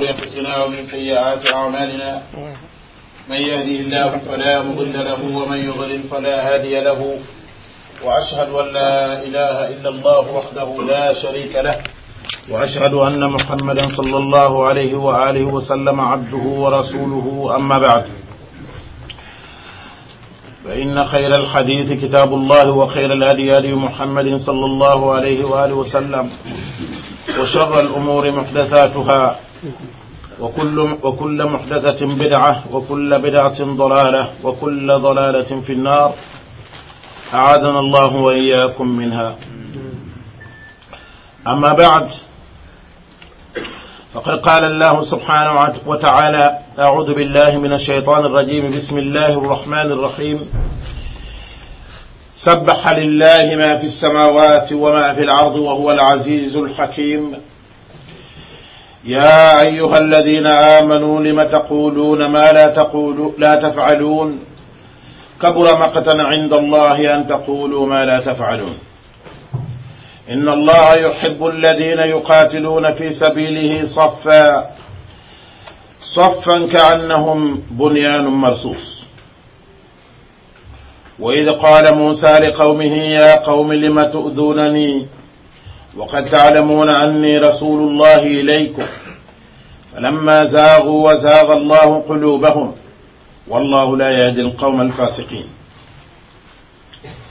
شرور أنفسنا ومن سيئات أعمالنا من يهدي الله فلا مضل له ومن يضلل فلا هادي له وأشهد أن لا إله إلا الله وحده لا شريك له وأشهد أن محمدا صلى الله عليه وآله وسلم عبده ورسوله أما بعد فإن خير الحديث كتاب الله وخير الهدي هدي محمد صلى الله عليه وآله وسلم وشر الأمور محدثاتها وكل, وكل محدثة بدعة وكل بدعة ضلالة وكل ضلالة في النار أعاذنا الله وإياكم منها أما بعد فقد قال الله سبحانه وتعالى أعوذ بالله من الشيطان الرجيم بسم الله الرحمن الرحيم سبح لله ما في السماوات وما في العرض وهو العزيز الحكيم يا أيها الذين آمنوا لم تقولون ما لا, تقولوا لا تفعلون كبر مقتا عند الله أن تقولوا ما لا تفعلون إن الله يحب الذين يقاتلون في سبيله صفا صفا كأنهم بنيان مرصوص وإذ قال موسى لقومه يا قوم لم تؤذونني وقد تعلمون أني رسول الله إليكم فلما زاغوا وزاغ الله قلوبهم والله لا يهدي القوم الفاسقين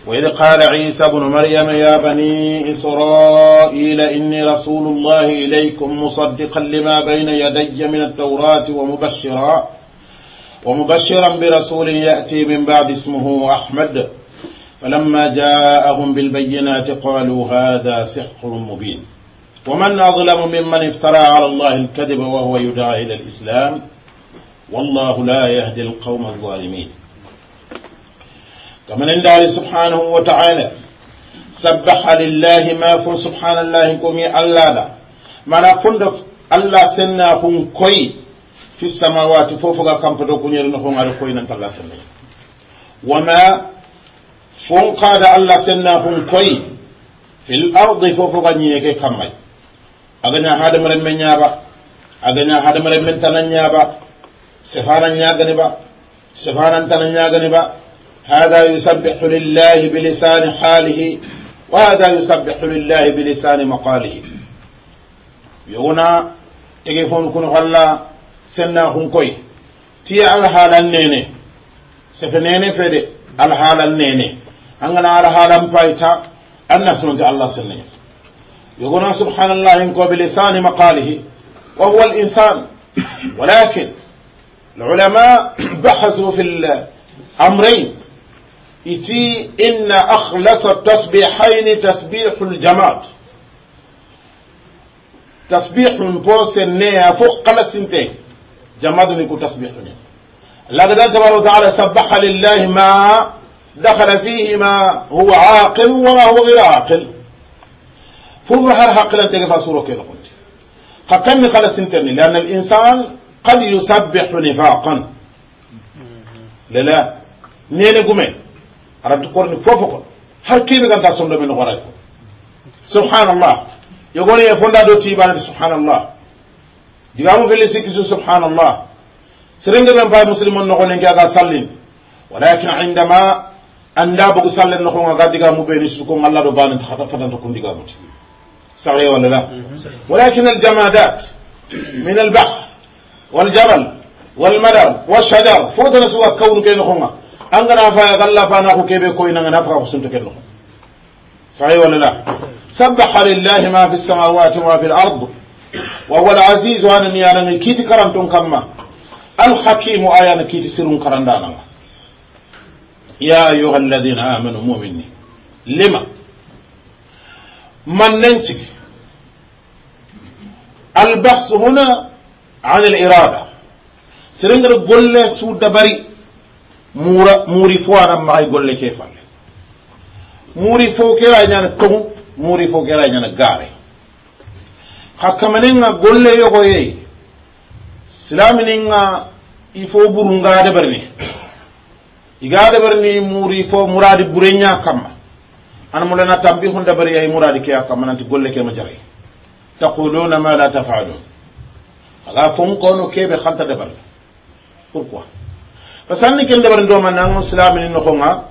وإذ قال عيسى بن مريم يا بني إسرائيل إني رسول الله إليكم مصدقا لما بين يدي من التوراة ومبشرا ومبشرا برسول يأتي من بعد اسمه أحمد فلما جاءهم بالبينات قالوا هذا سحر مبين ومن أظلم ممن افترى على الله الكذب وهو يدعى إلى الإسلام والله لا يهدي القوم الظالمين كما الله سبحانه وتعالى سبح لله ما فن سبحان الله كم الله لا ما نقول الله سنة كوي في السماوات فوفقا كم تدوكو نيرنخون على كوي ننتلا سنة وما fon kada allah senna kun koyi fil ardi fofo ga ñeeke kammay agana hadamaren men ñaaba agana hadamaren men tana ñaaba sefana ñagani ba sefanan tana ñagani ba hada yusabbihu lillahi bilisani halihi wa hada yusabbihu lillahi bilisani maqalihi yowona tege fon kun allah senna kun koyi tiya alhaalan nene sefe nene fede alhaalan nene أن نار هذا فايتا أن نسنج الله سنية يقول سبحان الله إنكو وهو الإنسان ولكن العلماء بحثوا في الأمرين يتي إن أخلص التسبيحين تسبيح الجماد تسبيح من بوس النية فوق قلس انتين جماد نكو تسبيح لقد أنت الله تعالى سبح لله ما دخل فيه ما هو عاقل وما هو غير عاقل فوق هر انت كيف صورة كيف قلت قد خلص انترني لأن الإنسان قد يسبح نفاقا لا لا نيل قمين أردت قرني فوفق هل كيف كانت أصنع من غرائك سبحان الله يقول يا فندا دو تيبان سبحان الله ديغامو في لسيكسو سبحان الله سرنجا فاي مسلمون نغنين كاغا سلين ولكن عندما anda bugu sallen no ko ga diga mu be ni su ko Allah do banin ta fatan ko diga mu صحيح ولا لا ولكن الجمادات من البحر والجبل والمدر والشجر فوتنا سوى كون كين خوما أنغنا فا يغلا فا ناخو كيبي كوين أنغنا فا خسنت كين خوما صحيح ولا لا سبح لله ما في السماوات وما في الأرض وهو العزيز وانا نيانا كيتي كرمتون كما الحكيم آيانا كيتي سرون كرندانا ya ayyuhal ladina amanu mu'mini lima man nan ciki albaqsu huna an al-irada sirengara golle su dabari mura muri fo ana maxay golle ke falle muri fo kera ñana tongu muri fo kera ñana gaare xa kamanenga golle yogoye silaminenga il faut burunga dabarni iga dabarni muri fo muradi burenya kamma an mulana tambi hun dabari ay muradi ke kamma nanti golle ke majari taquluna ma la taf'alun aga fon kono kebe khanta dabar pourquoi parce que ken dabar do man nan islamin no khonga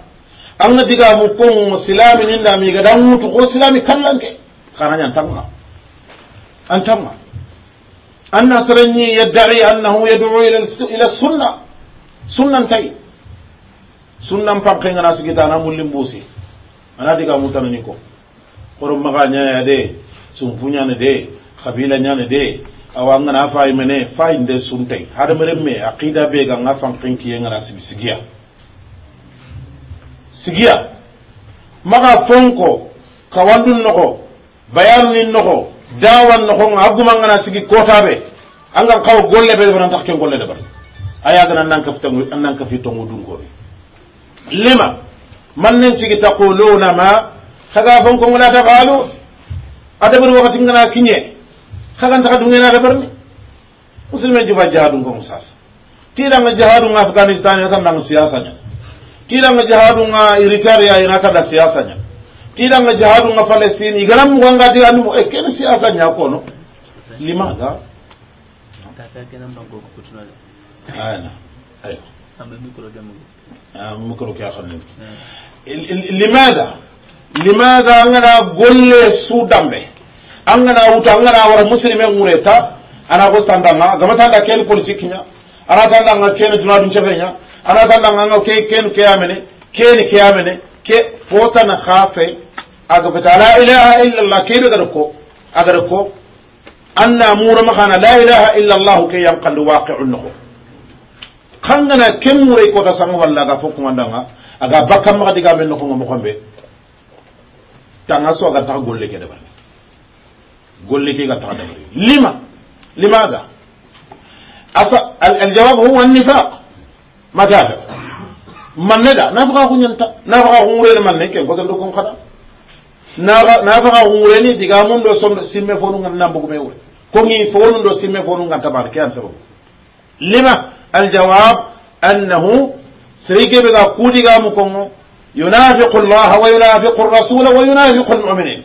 an na diga mu kon islamin da mi ga silaami mutu ko islami kallan ke karanya tamma an tamma an nasrani yad'i annahu yad'u ila ila sunna sunnan tayyib sunnan pakke ngana sigita ana mullin buusi ana diga mutanani ko koro maga ñaya de sumpu ñane de kabila ñane de awa ngana fayi mene fayinde suntay hadamaren me aqida be ga nga fankin kiye ngana sigi sigiya sigiya maga fonko kawandun nogo ni nogo dawan nogo nga aguma ngana sigi kotaɓe angan kaw golle ɓe deɓanan tax ken golle deɓan aya gana nan kafi tongu dunkoɓe lima man nen sigi taquluna ma kaga fon ko ngala ada qalu adabur ngana kinye kaga ta dungena da barni musulmen sas. jihadun ko nga afghanistan ya kan siasanya. tira nga jihadun eritrea ina siasanya. siyasanya tira nga jihadun nga palestine igana mu anu e ken ko no limaga kaka kenan ko ayo micro ke xamne limada limada angana golle su dambe angana wuta angana wara muslime ngureta ana go sandanga gamata da ken politique nya ana tanda nga ken duna dun chefenya ana tanda nga ke ken ke amene ken ke amene ke fota na khafe aga bata la ilaha illa allah ke daga ko agar ko anna mura makana la ilaha illa allah ke yanqalu waqi'un nuhu kangana ken kota sanga walla aga fo kumandanga aga bakka maga diga men nokonga mokonɓe tanga so aga taxa golle ke dabari golle ke ga taxa dabari lima limada asa aljawab huwa annifaq matafe manne da nafaxa xuñanta nafaxa xungurene manne ken kosan dokon xada nafaxa xungureni diga mum ɗo som simme fonungan na mbugume wure kongi fonun ɗo simme fonungan tabar ke an sababu لما الجواب أنه سريك بغا قولي قامكم ينافق الله وينافق الرسول وينافق المؤمنين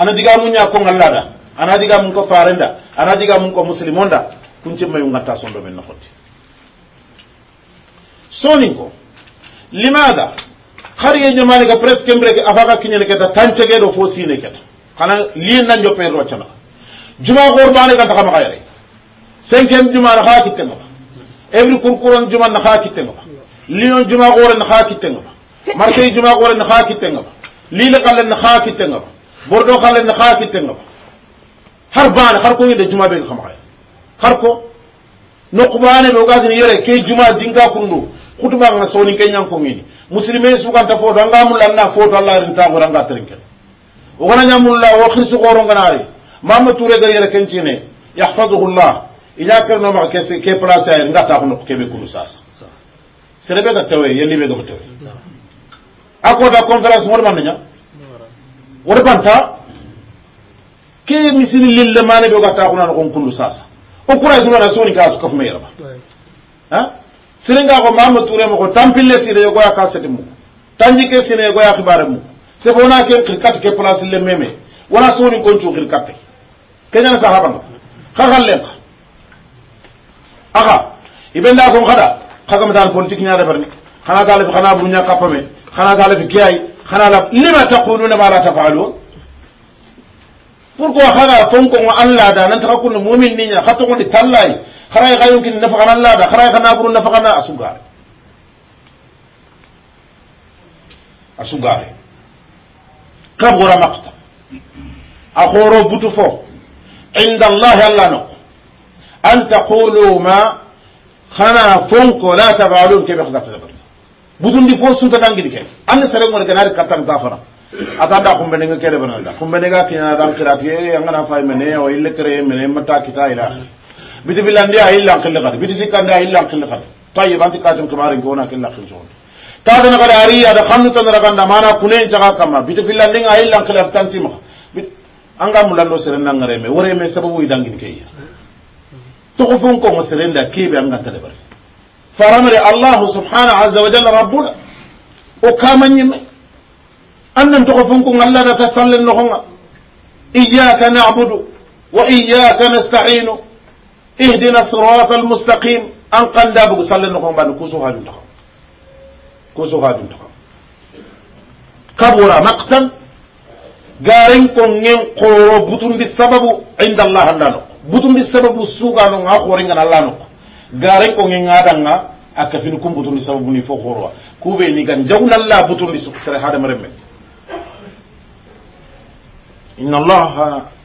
أنا ديغا من يكون الله دا أنا ديغا من كفارين دا أنا ديغا من كمسلمون دا كنت ما يمتع صندو من نخوتي سونيكو لماذا خارج جمالك بريس كمبرك أفاقا كنين كتا تنشغي دو فوسيني كتا خانا لين ننجو بيرو چنا جمع غرباني كتا خمقا يري cinquième juma na xaa kitte nga ba evri kurkuron juma na xaa kitte nga ba lion juma xoore na xaa kitte nga ba marseille juma xoore na xaa kitte nga ba la xale na xaa kitte nga ba bordeaux xale na xaa kitte nga ba xar baane xar ko de juma nga xam xamaxay xar ko noqubane ɓe ni yore ke juma dinga kundu xutumaxana sonin ke ñankongini muslime suganta foto anga mulla anna foto allah rintaxore anga terinken ogana ñamulla wo xirsi xooronganaari mama touré gar yere kencine yahfaduhu llah ila ma ke ke place ay ngata ko ke be kulu sasa serebe ga tawe yeli be ga tawe ako da conference mo man nya wor banta ke misili lil mane be ga ta ko na ko kulu sasa o kura zuma da soni ka su e ka fuma yarba ha siringa ko mamu ture mo ko tampille sire yo ga ka sete mu tanji ke sire go ya khibare mo se bona ke kirkat ke place le meme wala soni ko tu kirkat ke nya sahaba khagal le aga iben da kon kada kaga mata politik nya da barni kana dalib kana bunya kapame kana dalib kiyai kana la lima taquluna ma la tafalun pourquoi kaga fon ko Allah da nan ta kullu mu'min ni nya khato ko di tallai kharay gayun kin nafa kana Allah da kharay kana burun nafa kana asugare asugare kabura maqta akhoro butu fo inda Allah Allah no أن تقولوا ما خنا فنك ولا تفعلون كيف خذ تدبر بدون دي فوس سنتا دانغي كيف أنا سرق من كنار كتر تافرا أتادا كم بنينا كيف بنالا كم بنينا كنا دام كراتي أنا فاي مني أو إلا كري مني متى كتا إلا بدي بلاندي أهلا كل غد بدي سكاندي أهلا كل غد طيب أنت كاتم كمارين كونا كل خل زون تادنا غد أري هذا خمن تندرا كان دمانا كونين جاكا كما بدي بلاندي أهلا كل غد تنتي مخ أنغام ملاندو سرنا نغريمه وريمه سببو يدانغي كيف تغفون كم سرين دا كيبي أنغا تلبر فرمري الله سبحانه عز وجل ربنا وكامن يمي أنن تغفون كم الله نتسلل لهم إياك نعبد وإياك نستعين اهدنا الصراط المستقيم أن قل دابك سلل لهم بان كوسو هاجم تخم كوسو هاجم تخم كبر مقتل قارنكم ينقروا بطن بالسبب عند الله هنالك butundi sababu sugano nga xoringana alla noqo garen konge ngadanga a kafini kum butundi sababu ni fo xorwa kube ni gan jagunalla butundi sere hadamaren men inna in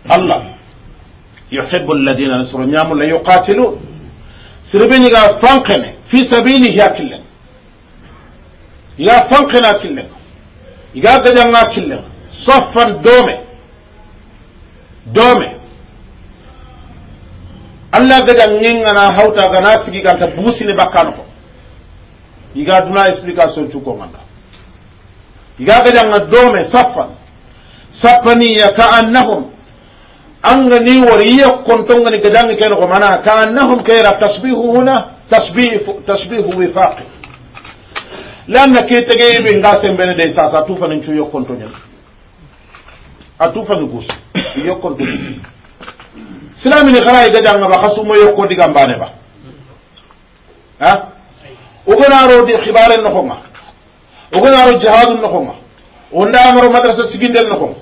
allah yuhibu alladina nasru ñamula yuqatilun serebe ñiga fankene fi sabilihi a killen iga fankene a killen iga gajanga killen soffan doome doome allah gada ngengana hawta gana sigi ganta busini bakkano ko iga duna explication cukoganda iga gadanga dome saffan ya ka annahum anga ni wariya kontongani gadangi kene ko mana ka annahum kayra tasbihu huna tasbihu tasbihu wifaqi lanna ke tege be ngasem bene de sasa tufani cuyo kontonya atufani gus yo kontonya silamini xana ye gadiangaba xa sumo yo ko digambane ba a ogenaro xibare noxonga ogenaro jihadu noxonga o ndamaro madrasa siginden noxonga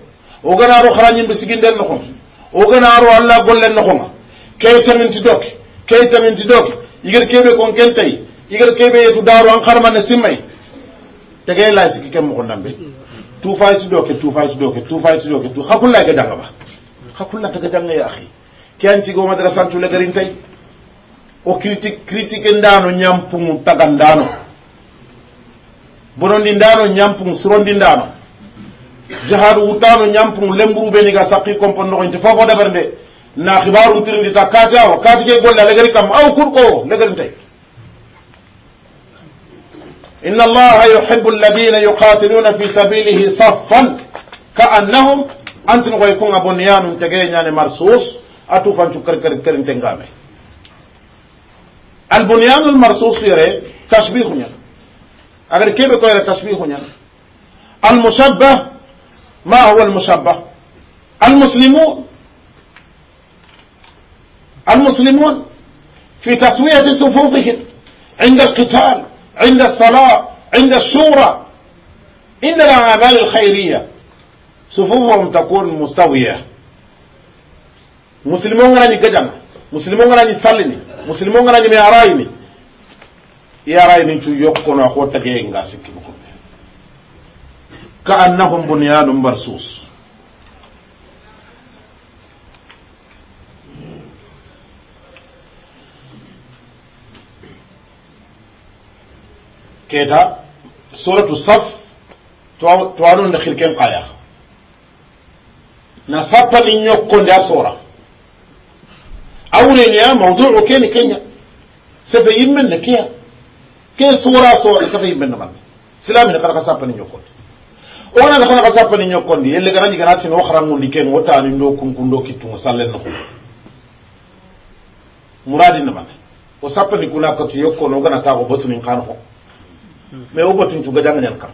ogenaro xarañimbe siginden noxonga ogenaro alla gollen noxonga key tenginti doke key tenginti doke yigar keɓe kon kentay yigar keɓe yetu daaru an xarmane simmay tegey lay siki ke moxo ndambe tufay ti doke tufay ti doke tufay ti doke xa kulla gadiangaba xa kulla taga jangeye axi ke an cigo madrasantulle o critique critique ndano ñampugu tagan ndano bonondi ndano ñampugu surondi ndano jahadu wuttano ñampugu lemburu ɓeniga sakki compon nogoñte fofo dabar nde na hibarum tirindi kaati awa kaati ke golle kam aw kurko legarintay inna allaha yuhibu alladina yuqatiluna fi sabilihi saffan ka annahum antin koye kunga bonniyanum tege ñane marsuus atu fancu kar kar kar tengame al bunyan al marsus yare tasbih hunya agar kebe ko yare tasbih hunya al musabbah ma huwa al musabbah al muslimun المسلمون في تسوية صفوفهم عند القتال عند الصلاة عند الشورى إن الأعمال الخيرية صفوفهم تكون مستوية muslimo ngarañi gajanga muslimo ngarañi sallini muslimo ngarañi me arayini yarayini cu yokkono a ko tageye nga sikki bukoɓe ka annahum bunyanum marsus كيتا سورة الصف توانون نخير كم قايا نصفا من يكون دا سورة مقولة يا موضوع وكين كينيا سفيد من كيا كي صورة صورة سفيد من من سلامي نقرأ قصاب من يقول ona nakona ka sappa ni ñokkondi yelle gana ñigana tino wo xarangundi ken wo taani ndo kunkundo kittungo sallen no muradi namane o sappani kuna kati yokkono gana taako botunin xaano fo mais wo botun cuga jangañan kam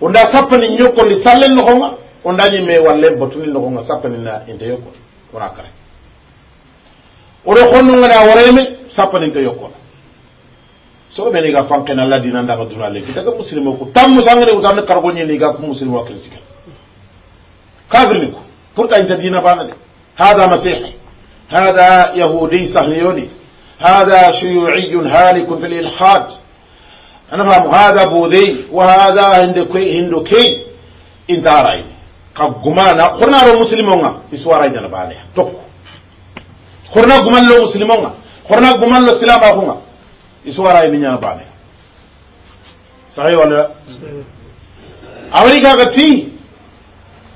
onda sappani ñokkondi sallen noxonga onda ñimme walle botunin noxonga sappani na inte yokkon wona kare oɗo qonnugana woreme sappaninka yokkona so ɓeni ga fankena ladina ndaga duna leki daga musilme ko tammu sangene ko tamne kargoñeni ga ko musilme wa critique kafirni ko pourtant inta dina bana de hada masihi hada yahudi sahniyoni hada shuyuciyun halikun fi lilhad ana famu hada bodey wa hada hindokey hindokey inta arayni ka gumana qornaro musilme onga iswaraynana baneya tokko خورنا غمالو مسلمونا خورنا غمالو سلاما هما يسوارا ينيا باني صحيح ولا امريكا غتي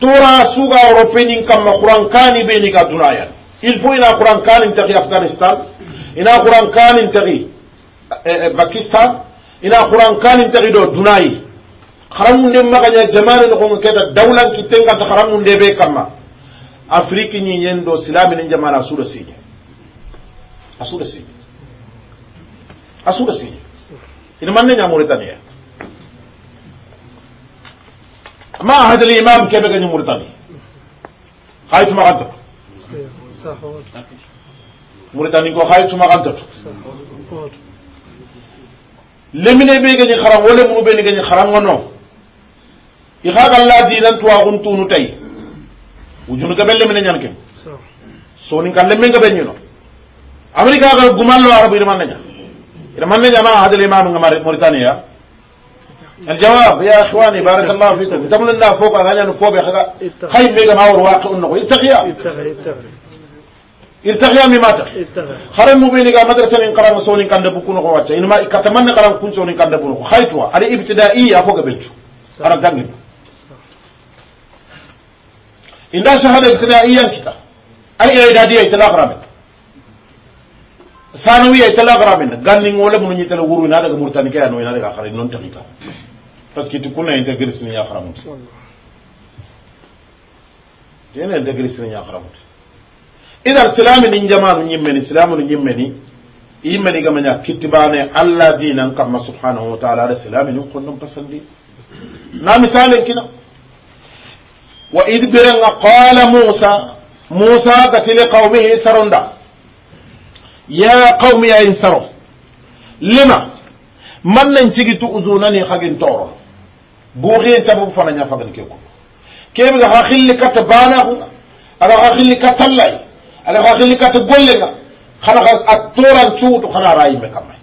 تورا سوغا اوروبيين كما قران كاني بيني كدنايا il faut ina قران كان انتقي افغانستان ina قران كان انتقي باكستان ina قران كان انتقي دو دناي خرمون دي مغانيا جمال نكون كده دولا كي تنغا خرمون دي بي كما افريقي ني نين دو سلامي نين جمالا سورسي asura si asura si ina manne nya mauritania معهد الإمام كيف كان موريتانيا خايت ما غدت موريتانيا كو خايت ما غدت لمن بيجي خرام ولا مو بيجي خرام ونو يخاف الله دينا توا غنتو نتاي وجون قبل لمن ينكم سوني كان لمن قبل ينو américa ga gumallo arabu ida manneña ida manneña ma hada limanu nga mauritania الجواب يا اخواني بارك الله فيكم تمن الله فوق غنيان فوق خايف بيغا ما ورواق انه يتقيا irtaxiya mi mata xare mubeni ga madrasa nin qarama sonin kande bu kuno ko wacce inma ikatamanne qaram kun sonin kande bu ko khaytuwa ada ibtidai afoga belcu ara dangin inda shahada ibtidaiyan kita ay ay dadiya itala qarame ta itala min ganni wala mun ni tala wuru na daga murtani kaya no ina daga khare non tamika parce que tukuna inte gris ni ya kharamu tene inte gris ni ya kharamu idan jama'a n'i men islam ni salamu nyimme yi men ga manya kitibane allah dinan kamma subhanahu wa ta'ala da salami nin kullum pasandi na misalin kina wa idbiran qala musa musa ka tile qaumihi sarunda ya qawmi ya insaro lima man nan cigitu uzunani hagin toro buuxiyen cababu fana ñafagani ke ko keɓe ga xa xilli katta banaxunga aga xa xilli katta lay aga xa xilli katta gollenga xana xa a toran cuutu xana ra yimme kam may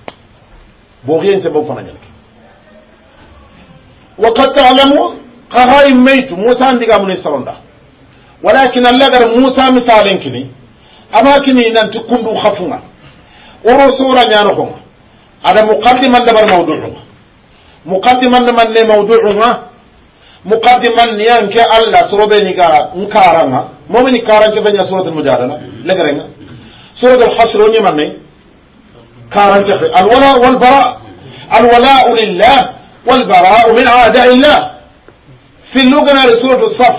buuxiyen cababu fana ñanke wa qad talamu xa xa yimmeytu moussa ndigamune saronda walakin allah gara moussa misalenkini ama kini nanti kundu xafunga ورسولا نانوكم هذا مقدما دابا موضوعنا مقدما دابا موضوعنا مقدما يانك الله سروبيني كارما مؤمن كارن تبني سورة المجادلة لكرنا سورة الحشر وني مني كارن تبني الولاء والبراء الولاء لله والبراء من أعداء الله سلوكنا لسورة الصف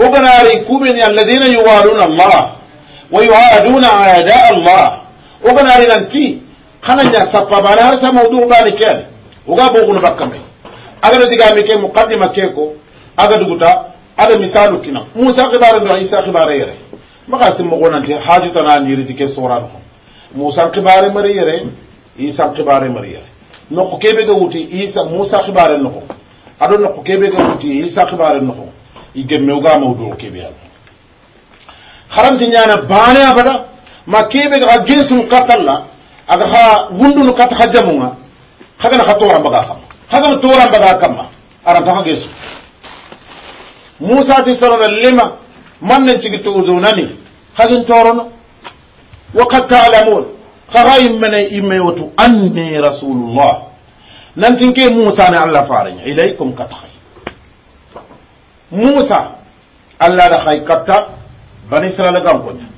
وبناري كوبين الذين يوالون الله ويعادون أعداء الله ogana rinanti kana ña sappa bana har sa mawdu ɓani keane oga boguno bakka may agana digami ke muqaddima ke ko aga duguta ada misalu kina musa xibare ndo isa xibare yere maxa simmoxonanti hajutana niriti ke sorano xo musa xibare mari yere isa xibare mari yere noqo kebe ga wuti isa musa xibare noxo aɗo noqo kebe ga wuti isa xibare noxo i gemme oga mawdu o kebe ala xaranti ñana bane abada ma kebe ga gesun katalla aga ha wundunu kat hajamunga khagana khatoran baga kam khagana toran baga kam ara ta gesu musa ti sarana lima man nan cigi to zonani khagin torono wa qad ta'lamun khagaim mana imme watu anni rasulullah nan tinke musa na allah faranya ilaikum kat khay musa allah da khay katta bani israila gam konya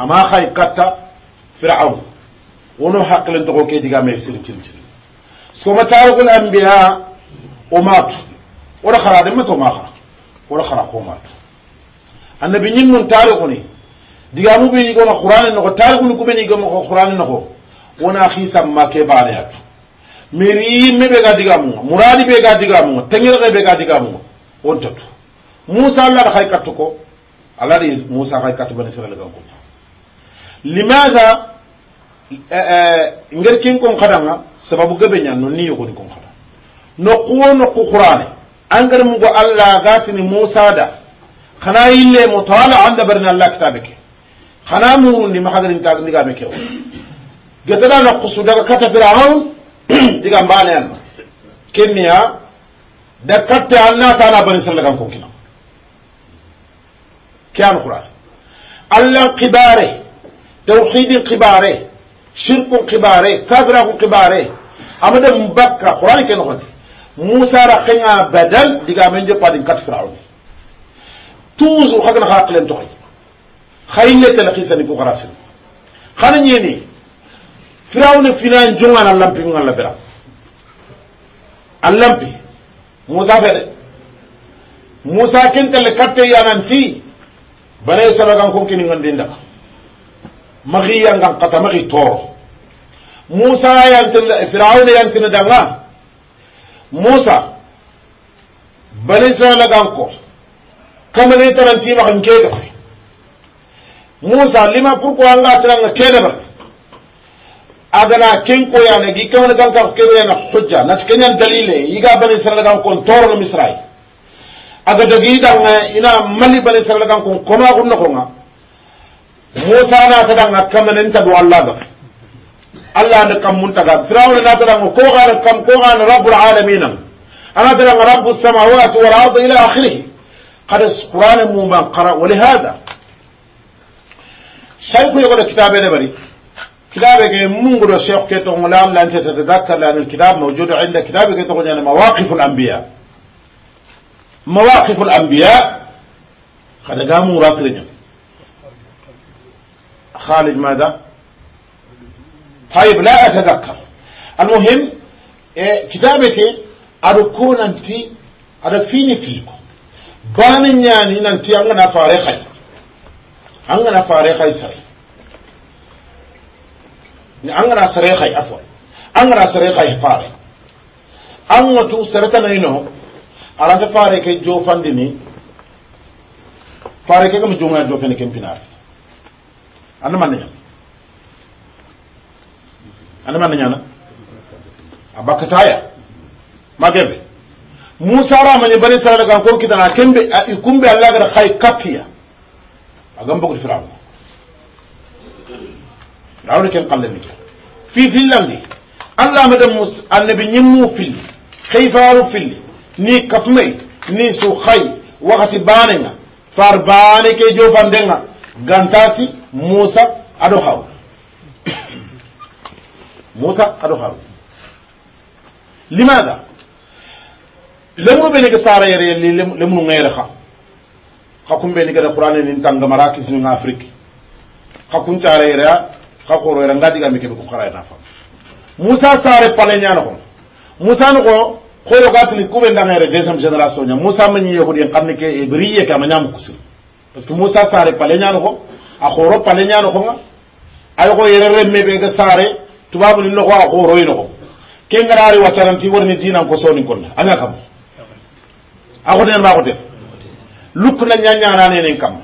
ama khay katta fir'aun wono hakkilin to ko ke diga me sir cin cin so matariqul anbiya umat wala khara de mato ma khara wala khara ko mat annabi nyin nun tariqu ni diga mu be ni go qur'an no ko tariqu ni ko be ni go qur'an no ko wona khisam ma ke baale hat meri me be ga diga mu muradi be ga diga mu tengere be ga diga mu won tatu musa allah khay kattu ko allah musa khay kattu ban israel ga ko limaza eh, eh, ngir kin kon kadanga sababu gabe nyano ni yogoni kon kada no kuwo no ku qur'ani angar mugo allah gatini musa da khana yille mutala anda barna allah kitabeke khana murundi mahagarin ta ndiga meke o gatana no kusu daga kata fir'aun diga mbane an kenya da katta allah ta'ala bani sallakan kon kina kyan qur'ani tawhidin kibare shirkun kibare kafirakun kibare amada mbakka qur'an ke nokhon musa ra khinga badal diga men jopa din kat fir'aun tuzu khagna khalaq len tokhi khayne tan khisani ko kharasin khana nyeni fir'aun finan jonga na lampi musa fere musa kentel katte yananti bare saragan ko kini magi yangan kata magi toro musa yantin firaun yantin danga musa bani israila ganko kamani taranti makan kega musa lima kurko anga tiranga kega bar agana ken ko yana gi kamani ganka kebe yana hujja nat kenyan dalile yiga bani israila ganko toro no misrai aga dogi danga ina mali bani israila ganko koma gunna konga موسى نا تدان كم من انت دو الله غف الله ان كم منتغا فرعون نا تدان كو غار كم كو غار رب العالمين انا تدان رب السماوات والارض الى اخره قد القران مو ما قرا ولهذا شيخ يقول كتابه نبري كتابه كي مونغرو شيخ كي تونغلام لانت تتذكر لان الكتاب موجود عند كتابه كي تونغلام يعني مواقف الانبياء مواقف الانبياء خدا جامو راسلنا خالد ماذا طيب لا أتذكر المهم إيه، كتابتي أركون أنت أرفيني فيكم باني يعني أنت أنا فارخي أنا فارخي سري أنا سريخي أفوا أنا سريخي فاري أنا تو سرتنا إنه أرانت فاري كي جو فندني فاري كي كم جمعة جو فندني كم بنار andaman ñana andaman ñana a bakkataya mageɓe musa ramañi bani israila gan ko kitana kembe kumɓe allah gata hay kattiya agam bogoti firawna rawde ken qallemi fi fillandi allah maɗa mus annabi ñimmu filli hey faru filli ni katmay ni su hay wakati banega far bane ke jofandenga gantati musa aɗo haw musa aɗo haw limada lemru ɓenige sarayere yelli lemru ngayre ha hakum ɓenigede qurane nin tangamara kisnuga afrique xa careyerea ha koroyera ngadigami keɓe ko karayna fam musa sare paleñano kon musa no xo koro gatini kuɓe ndagere deuxiéme génération ña musa mañi yehuɗi en kamne ke e briye ke ama ñamu kusiri par ce que musa sare paleñano ko a khoro pale nyaano ko ay ko yere re mebe ga sare tubabu ni e no ko a khoro yi no ke ngaraari wa taranti worni diina ko soni ko anya kam a ko den ba ko def na nyaana nyaanaane ni kam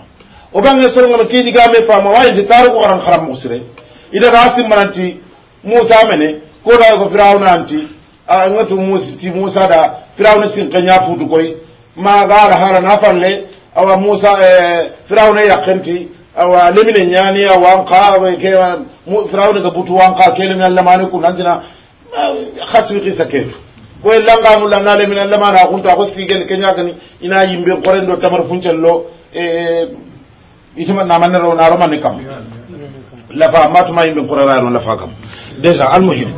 o ba nge ke me way di taru ko ran kharam ko ida ga musa mene ko da ko firawo nanti a ngatu musa ti musa da firawo ni sin kanya fudu koy ma ga ra na awa musa eh firawo ne ya awa limine nyani a wanka kewa firawne ga butu wanka ke lemine allamani ku nantina haswi kisa ketu koye langamulla na lemine allamani a kunta ako sigel keñakani ina yimbe koren do tamar funcello e, e itima namanero naromani kam lafa matuma yimɓe korerano lafa kam déjà almuhim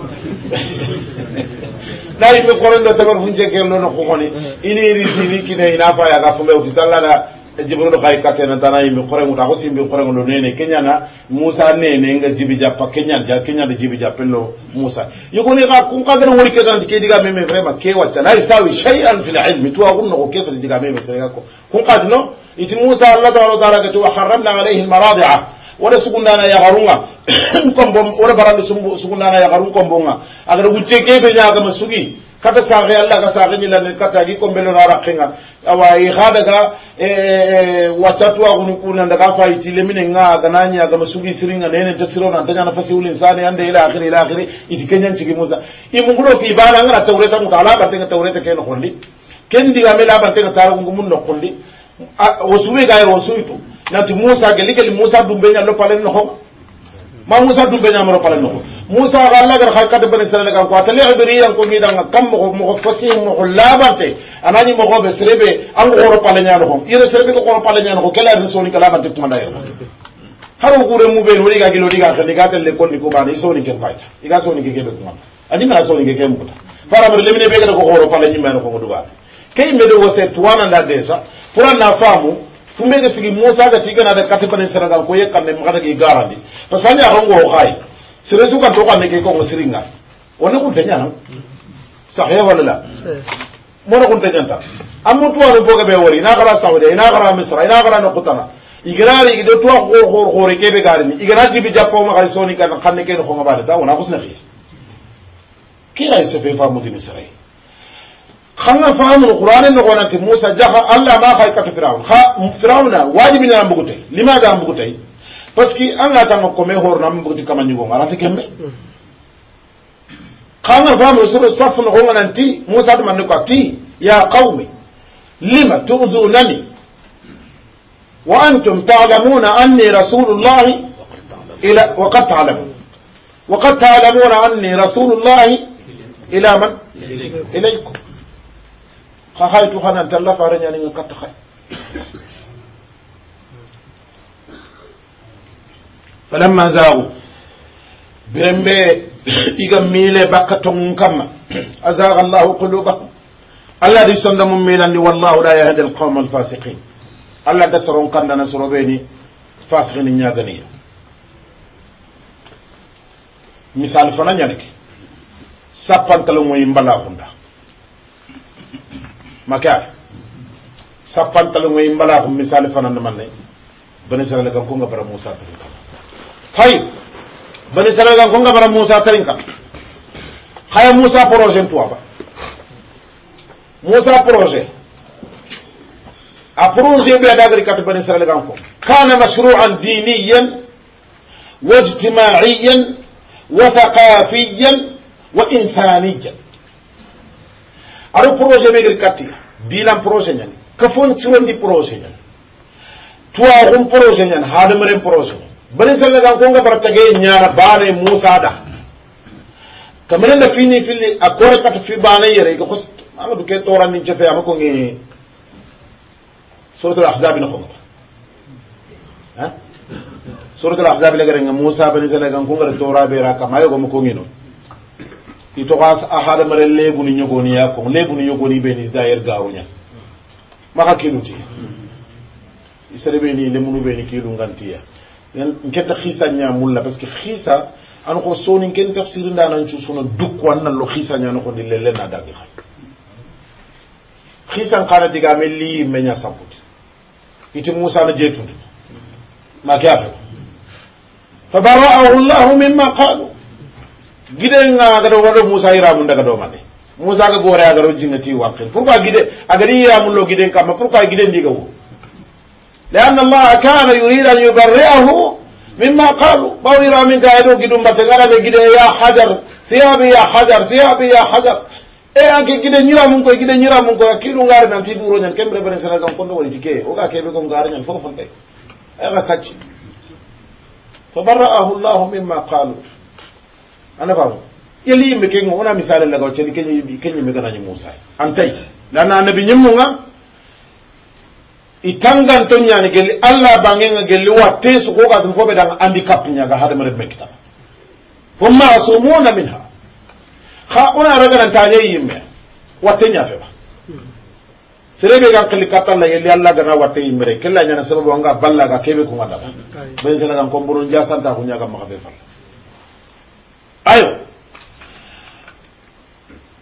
na yimbe koren do tamar funce kello no kokoni ini ritini kine ina fayaga fumbe uti na jibril xay katena tana yimɓe xorenguta xo simbi xorengulo nene keñana moussa nene nga jibi jappa keñal ja keñana jibi jappenlo moussa yogoni xa kun xagana wori ketanati ke diga meme vraiment ke wacca la yusawi chey an fi lilmi tuwa xum noxo ke soti diga meme serega ko kun xadino iti moussa allah tabaraka wa taala gati wa harramna alayhi lmaradia wona sugundana yaxarunga kombo wona barande sugundana yaxarun kombonga agata gucce keɓe ñagama sugi kata saxe allah e, ga saxe ñilane katagi kombelona raqenga awaye xa daga waccatuwaxunu kuna ndaga fayitile minenga gana ñagama sugi siringa nenente sirona na fasi siwlin sane ande ila axiri ila axiri iti keñancigi musa i munguno ki banangana tawreta nguta ala bartenga tawreta ke noxondi ken me la bartenga taragungu mun noxondi wo suɓe gaye wo suytu nanti musa geli geli musa dumbeña loppalen noxonga ma musa dum be nyamaro pala no musa ga allah gar hakkat bani sala ga ko tale ibri yan ko ngidan ga kam mo mo fasi mo labante anani mo go be serebe an go ro pala nyano ko ire serebe ko ro pala nyano ko kala resoni kala bante tuma dayo haro gure mu be no diga gilo diga tale ga tale ko ni ko ba ni so ni ke faita iga so ni ke be kuma ani ma so ni ke ke mu fara bar lemine be ga ko ro pala nyima no ko duwa kay medo wose tuwana nda desa pura na famu ga sigi mosa ga tiga na da kati panen senegal ko yekam ne magana gi garandi to sanya rongo rongo khay sere su ka to ne ke ko siringa wona ko tanya na sahya wala la mona ko tanya ta amu to wala boga be wori na gara saudi na gara misra na gara na qutara igrari igde to ko ko ko re ke be igara ji bi jappo ma gari soni kan kan ne ke ko ta wona ko sna ya? kira ise e be famu di misra خلنا فهم القرآن النقونا كي موسى جاء الله ما خايف فرعون خا فراون واجب إن أمبوتي لماذا أمبوتي بس كي أنا تام كم هور نام أمبوتي كمان يقوم على تكمل خلنا فهم رسول صف النقونا أنتي موسى تمان نقاتي يا قومي لما تؤذونني وأنتم تعلمون أني رسول الله إلى وقد تعلمون وقد تعلمون أني رسول الله إلى من إليكم خايتو خنا دلا فارنيا لي كات خاي فلما زاغوا برمبي إيغام ميلي بقتهم كما أزاغ الله قلوبهم الله دي سندم ميلان والله لا يهدي القوم الفاسقين الله دسرون قرن نسر بيني فاسقين نياغنيا مثال فنان يعني سبان تلو مهم بلا maka sappantal ngoy mbala ko misal fanan man ne bani sarala kan ko nga bara musa tarin kan hay bani sarala kan ko nga bara musa tarin kan haya musa projet tuwa ba musa projet a projet be dagri kat bani sarala kan ko kana mashru'an diniyan واجتماعيا وثقافيا وإنسانيا aɗo projet ɓegir kattiga dilan projet ñani kafon sirondi projet ñani tuwa xum projet ñani hadamaren projet bari sallagan konga bara tage ñana baane musa da na fini filli a kore kata fi baane yere ga kos anga du ke torannin cefe ama konge suratul ahzabi na xonga suratul ahzabi legarenga musa bani sallagan kongara toraɓera kam ayogomo no, itoxa a hadamare leeguni ñogoni ya kon leeguni ñogoni ɓeni dayer garuña maxa kiluti i sere ɓeni lemunu ɓeni kilu ngantiya nkenta xiisa ñamulla parce que xiisa an xo soni nken tafsir ndanan cusuno dukku an nallo xiisa ñano xo ni lelle na dangi xay xiisan xana digame li meña samput iti musa na jeetud ma ke fa bara'ahu llahu mima qalu gide nga gata wado musa iramu ndaga do mane musa ga gore aga ro jingati waqi pourquoi gide aga ri yamu lo gide kam pourquoi gide ndiga wo li anna allah kana yurid an yubarrihu mimma qalu baw iramu ga do gidu mbate gara be gide ya hajar siyabi ya hajar siyabi ya hajar e anke gide nyira mun ko gide nyira mun ko kidu ngar nan ti duro nyan kembre bare sala gam kondo wali jike o ga kebe ko ngar nyan fofon kay e ga kacci fa barra'ahu allah mimma qalu ana famu yeli yimɓe kenga wona misale lagaw ceni keñe keñimɓe ganañi moussa an tawi lana annabi ñimmuga i tanganto ñani gelli allah bangenga gelli wa ko watte sukogatum foɓe danga handicap ñaga hadama ren mekkitana fo masumuna min ha ha ona raganantañe yimɓe watte ñafeɓa serebe gan kili katalla yelli allah gana watte yimmere kella ñana sababu anga ballaga keɓe kuga daga ɓen selagan komboro jasanta kuñaga maxa fe falla ayo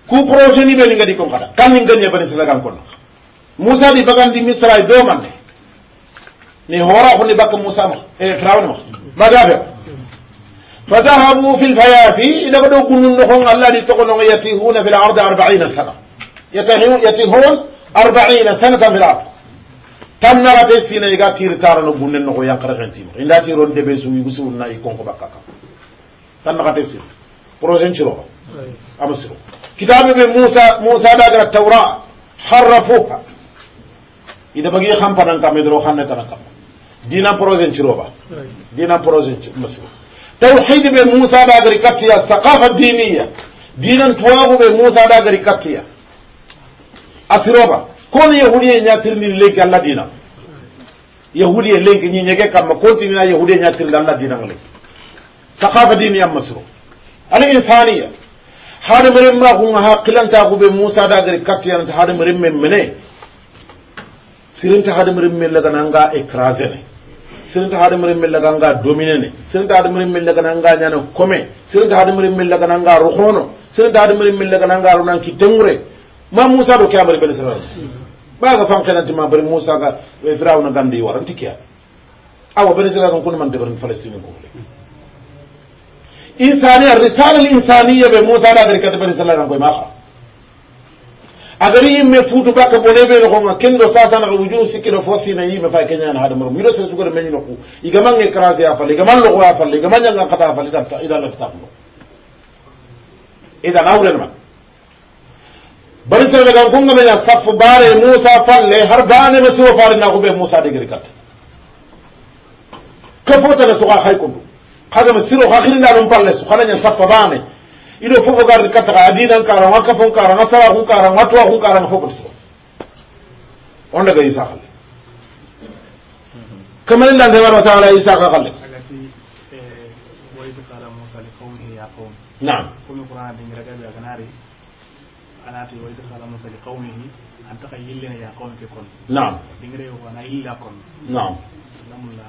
ku projet ni ɓeni ngadi kon kada kanni gagne bani silagan kon moussa ɗi bagandi misra e dow manne ni hora ko ni bak moussa ma e firawne ma maga few fa dahabu fi lfayafi ilaga ɗo gunnunno kon allah ɗi togonogo yatihuna huna fil ard 40 sana yatahu yatihun arbaina sanatan fi l arde tan narate sina iga tiri tarano no ko yankara xentima inda tiron deɓe suwi gusiwunna i konko ko bakaka tan naxate sir projet nciroxa ama siro kitabe ɓe musa musa dagara tawra harrafuha ida bagi xampanan kam edoro xannetanan kam dina projet nciroɓa dina projet masiro tawhid ɓe musa dagari kattiya saqafa diniya dinan tuwaxu ɓe musa dagari kattiya a siroɓa kono yahudiye ñatirndin lenki allah dina yahudiye lenki ñi ñege kamma continue a yahudiye ñatirndi allah dinanga lenki ثقافتين مسرو الإنسانية هذا مريم ما هو ها قلن تاخو بموسى دا غير كاتيان هذا مريم من مني سيرنت هذا مريم من لغا نانغا اكرازن سيرنت هذا مريم من لغا نانغا دومينن سيرنت هذا مريم من لغا نانغا نانو كومي سيرنت هذا مريم من لغا نانغا روخونو سيرنت هذا مريم من لغا نانغا رونان كي تموري ما موسى دو كامري بن سلام باغا فام كانت ما بري موسى غا فراون غاندي ورنتكيا او بن سلام كون من دبرن فلسطين كوله انسانیہ رسالہ الانسانیہ بے موسیٰ علیہ درکت پر رسالہ نہ کوئی ماخا اگر یہ میں فوٹو پا کے بولے بے نکھوں گا کن دو ساسا نگا وجود سکر فوسی نئی میں فائی کنیا نہا دمرو میرے سے سکر میں نکھو ایگا من اکرازی آفر لیگا من لگو آفر لیگا من جنگا قطع آفر لیگا ایدا لکتا فلو ناو لینا برسل لگا کنگا میں سف بارے موسیٰ فل لے ہر بانے میں سو فارنا کو بے موسیٰ دے گرکت کفوتا نسوکا خائی کنگو kagama siro hakirinanum palle su hanaña sappa bane iɗo fofo garde kattaka adinan karan ha kafon karan ha sarakun karan ha towakun karan fo koto siro on daga isa halle kamarin dan tabaraka taala isa ka halle نعم قومي قرآن دين رجع بأغناري أنا في ويس قال موسى لقومه أن تقيل لنا يا قوم كن نعم دين رجع وأنا إلا كن نعم لم لا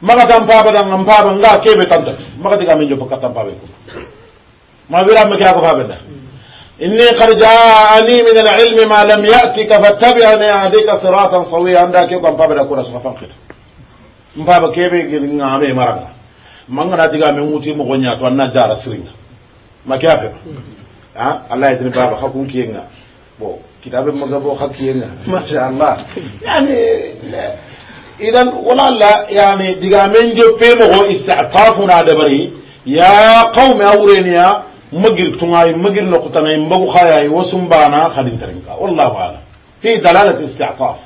maga tan pabadaga paba nga keɓe tanta maga tiga min jopa katan paɓe ko ma wirama kiyako faɓeda inni kad jaani min alilmi ma lam yatika fattabiani adika siratan sawia anda ke kam paɓeda kura suka fankita mpaba keɓe ngame maraga magana tiga min wuti mogo ña to anna jara siringa ma kiya feɓa a allah yetini baba hakun kiyenga bo kitabe maga bo hakkiyenga machallah yani إذا ولا لا يعني دقامين جو هو استعطافنا دبري يا قوم أورينيا مجر تناي مجر نقطناي مبغو خياي وسنبانا خدين ترنكا والله أعلم في دلالة استعطاف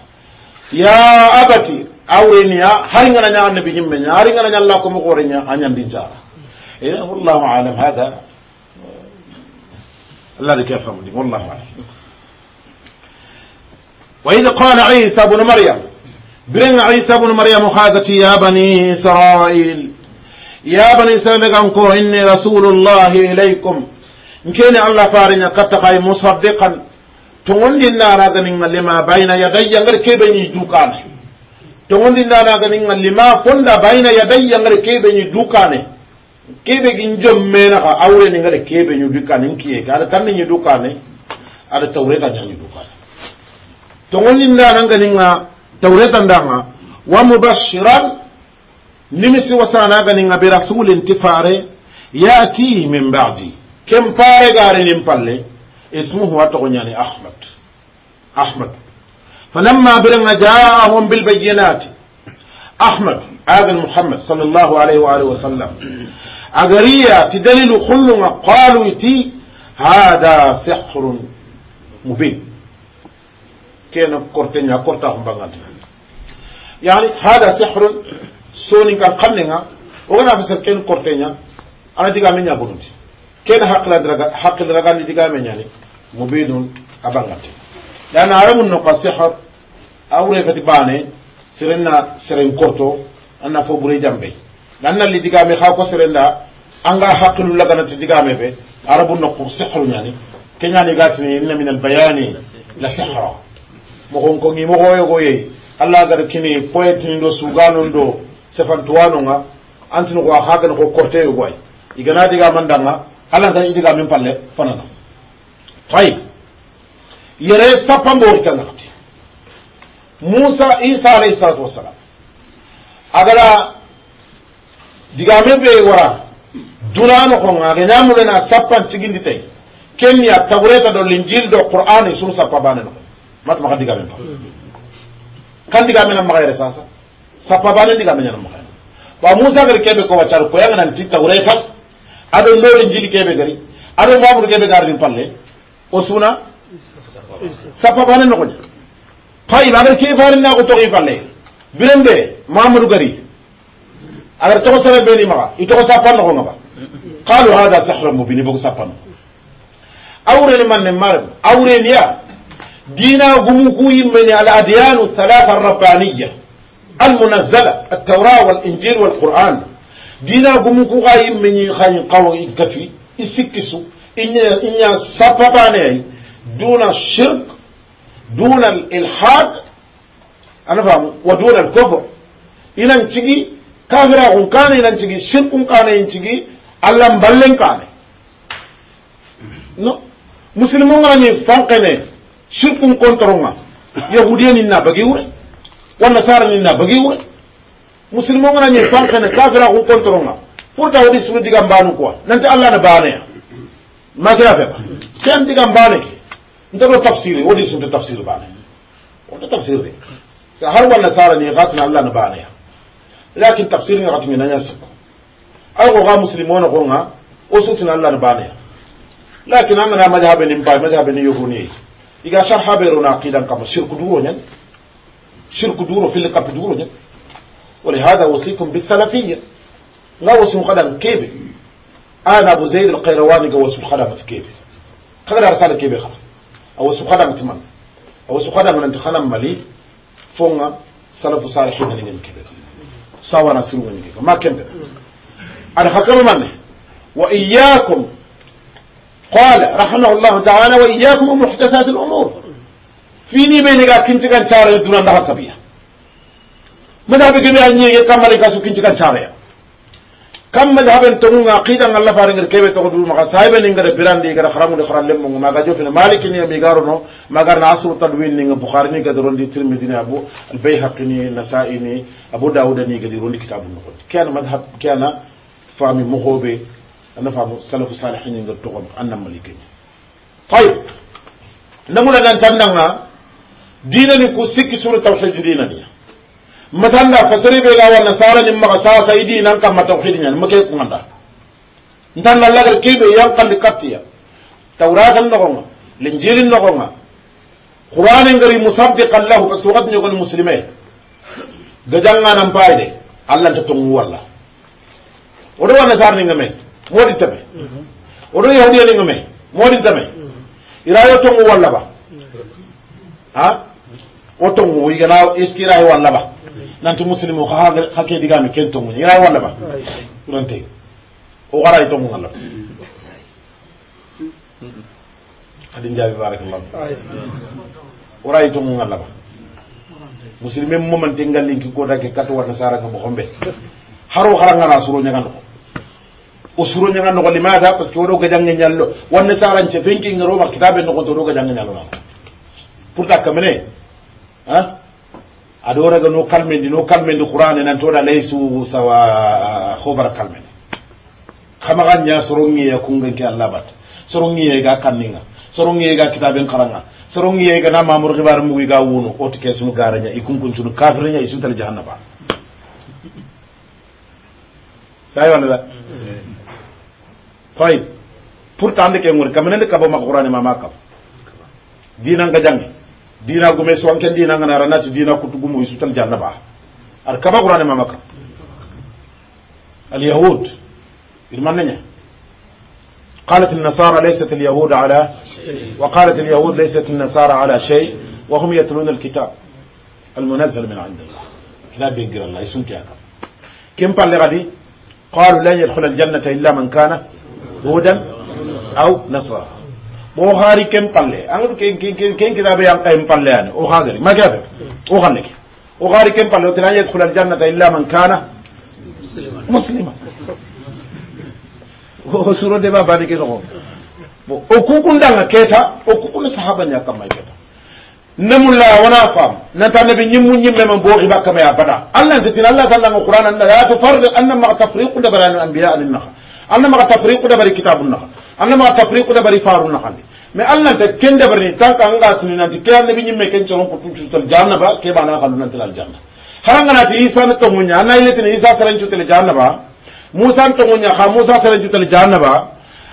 يا أبتي أورينيا هرنغنا نعم النبي جمعنا هرنغنا نعم لكم أورينيا أن يندي جارة إذا والله أعلم هذا الذي كيف والله أعلم وإذا قال عيسى بن مريم birin isa bnu maryam hadati ya bani israil ya bani israil ganko inni rasulullahi ilaykum nkeni allah farina kattakay musaddikan togondindanaganinga lima bayna yadaya ngari keɓeñi dukane togondindanaganinga lima fonda bayna yadaya ngari keɓeñi dukane keɓe gin jom menaka awreni ngari keɓeñu dukane nkiyeke aɗa tanniñi dukane aɗa tawreka ñañi dukane togondindanaganinga توريتا داما ومبشرا نمسي وسانا غني برسول انتفاري ياتي من بعدي كم فاري غاري نمبالي اسمه واتغنياني احمد احمد فلما برنا جاءهم بالبينات احمد اغن محمد صلى الله عليه واله وسلم اغريا تدلل كل ما قالوا يتي هذا سحر مبين كان قرتنيا قرتهم بغاتنا يعني هذا سحر سوني كان قننا وغنا في سكين قرتينيا أنا تيجا منيا بنتي كين حق لا حق درجة اللي تيجا منيا يعني مبين أبغاتي لأن عرب النقا سحر أو ريفة باني سرنا سرين قرتو أنا فوبري جنبي لأن اللي تيجا مي خاكو سرنا أنغا حق لولا كان تيجا مي في عرب النقا سحر يعني كين يعني قاتني إن من البيان لا سحر مغون كوني مغوي غوي allah gada kini poetin do sugano ndo, sefantuano nga antini ko hagan ko korte yo igana diga manda nga allah ta idiga min palle fanana tayib yere sapambo kala musa isa alayhi salatu wassalam agara diga me be wara dunano ko nga ga namu na sapan sigindi tay kenya tawreta do linjil do qur'ani sun sapabane no mat ma diga min palle kan diga mena magare sasa sapa bane diga mena magare wa musa gar kebe ko wacar ko yanga nan titta wure fa ado mori jili kebe gari ado mamur kebe gardi palle o suna sapa bane no gonya pay ba gar ke farin na ko to palle birembe mamur gari agar to sare be ni ma i to sapa no ngaba qalu hada sihrun mubin bo sapa no awre ni man ne mar awre ni ya دينا قموكوي من الأديان الثلاثة الربانية المنزلة التوراة والإنجيل والقرآن دينا قموكوي من خاين قوي كفي يسكسو إن إن سبباني دون الشرك دون الإلحاد أنا فاهم ودون الكفر إلى أن تجي كافر كان إلى أن تجي شرك كان إلى أن تجي الله مبلن كان نو مسلمون غني فانقنه shirkun kontronga yahudiya ninna bagi wure walla sara inna bagi wure muslimo ngana nyi fankene kafira ku kontronga pourta wadi suru diga mbanu nanti allah na bane ya. magira fe kan diga mbane ndoro tafsiri wadi suru tafsir bane wadi tafsir de sa har walla sara ni gatna allah na bane ya. lakin tafsir ni gatmi na yasako ay ko ga muslimo na ko nga o sutuna allah na bane ya. lakin amana madhabe ni mbay madhabe ni iga sarha berona aqidan kama shirku duro ñan shirku duro fil kapi duro ñan ولهذا أوصيكم بالسلفية لا وصل قدم كيبي أنا أبو زيد القيرواني وصل خدمة كيبي قدر أرسال كيبي خلا أوصل خدمة من أوصل خدمة أنت خدم ملي فونا سلف صالحين لين كيبي سوانا سلوين ما كم أنا حكم منه وإياكم قال رحمه الله تعالى وإياكم محدثات الأمور فيني بينك كنت كان شارع الدنيا دون الله ماذا مذهب كبير أن يكمل أسو كنت كان شارع كم مذهب تنون عقيدة أن الله فارغ الكيبة تقول مع صاحب نينغر بران ديغر خرام دي خرام لم ما جاجو في مالك ني بيغارو نو ما غار ناصر تدوين ني بخاري ني غدرون دي ترمذي ني ابو البيحق ني نسائي ني ابو داود ني غدرون دي كتاب النقود كان مذهب كان فامي مغوبي anna faabo salafu salihinin ga togon annan malikenya tayib namuna nan tan nan ha dina ni ku sikki sura tawhid dina ni matanda fasari be ga wa nasara ni maka sa sai dina kan ma tawhid ni make ku nganda ndan la lagar kebe yan kan katiya tawratan no gonga linjilin no gonga qur'anin gari musaddiqan lahu bas waqad ni gon muslimai ga janga nan payde allah ta tungu walla odo wa nasara ni ngame मोरीमें लिंग में मोदी थो न मुस्ीमे थोरे तोल जा ओर तोल मुखे कटे हरो हर सूरो न usuru nyanga kan no lima da pas que wodo jangnya nyallo wanne saran che fenki ngoro ma kitabe no godo jangnya nyallo purta kamene ha adora ga no kalme di no kalme di qur'an nan toda sawa ah, khobar kalme kama nya sorongi ya, ya kunga ke allah bat sorongi ya ga kaninga sorongi ya ga kitabe karanga sorongi ya ga na mamur khibar mu ga wuno o tike sunu garanya ikun kun sunu kafirnya isu tal jahannaba sai tayib pourtant ande ke ngoni kamene nde kaba maka qur'ani mama kaba dina nga jangi dina gume suwanken dina nga nara nati dina kutu gumu isu tan janna ba ar kaba qur'ani mama kaba al yahud irman nanya قالت النصارى ليست اليهود على وقالت اليهود ليست النصارى على شيء وهم يتلون الكتاب المنزل من عند الله كتاب يقرأ الله يسون كياكم كم قال لغدي قالوا لن يدخل الجنة إلا من كان هودا او نصارى بوخاري كم بالي انا كين كين كين كذا بيان كم بالي انا ما جاب اوخانك بوخاري كم بالي لن يدخل الجنه الا من كان مسلما وسورة دي بابا دي كده بو اوكو كون دانا كيتا اوكو كون صحابه كم كما كيتا نمو لا ونا فام نتا نبي ني مو ني كم بو غي باكما يا بدا الله تتي الله تعالى القران ان لا تفرق ان مع تفريق دبران الانبياء للنخل amna maga tafriqu da bari kitabun nakha amna maga tafriqu da bari faru nakha me allah ta ken da bari tan ka anga tuni nan ti kyan nabi nyimme ken chon ko tu tal janna ba ke bana khalu nan tal janna haranga na ti isa na to munya na ile tin isa saran chu til janna ba musa to munya kha musa saran chu til janna ba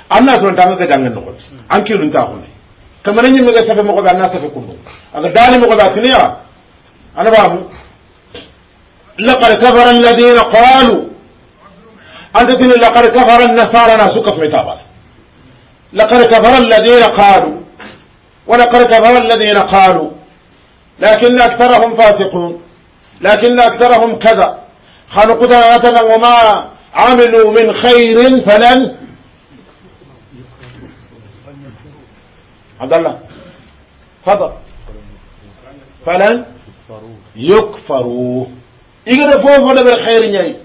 anna ton tan ka jangal no an ki run ta ko ne kamar nyimme ga safe mo ko anna safe kundu aga dani mako ko ba tuniya ana ba mu laqad kafara alladhina qalu أنت تقول لقد كفر النصارى ناسو في طابر لقد كفر الذين قالوا ولقد كفر الذين قالوا لكن أكثرهم فاسقون لكن أكثرهم كذا خلقوا ثلاثة وما عملوا من خير فلن عبد الله فضل فلن يكفروا يقدر فوق ولا بالخير نيجي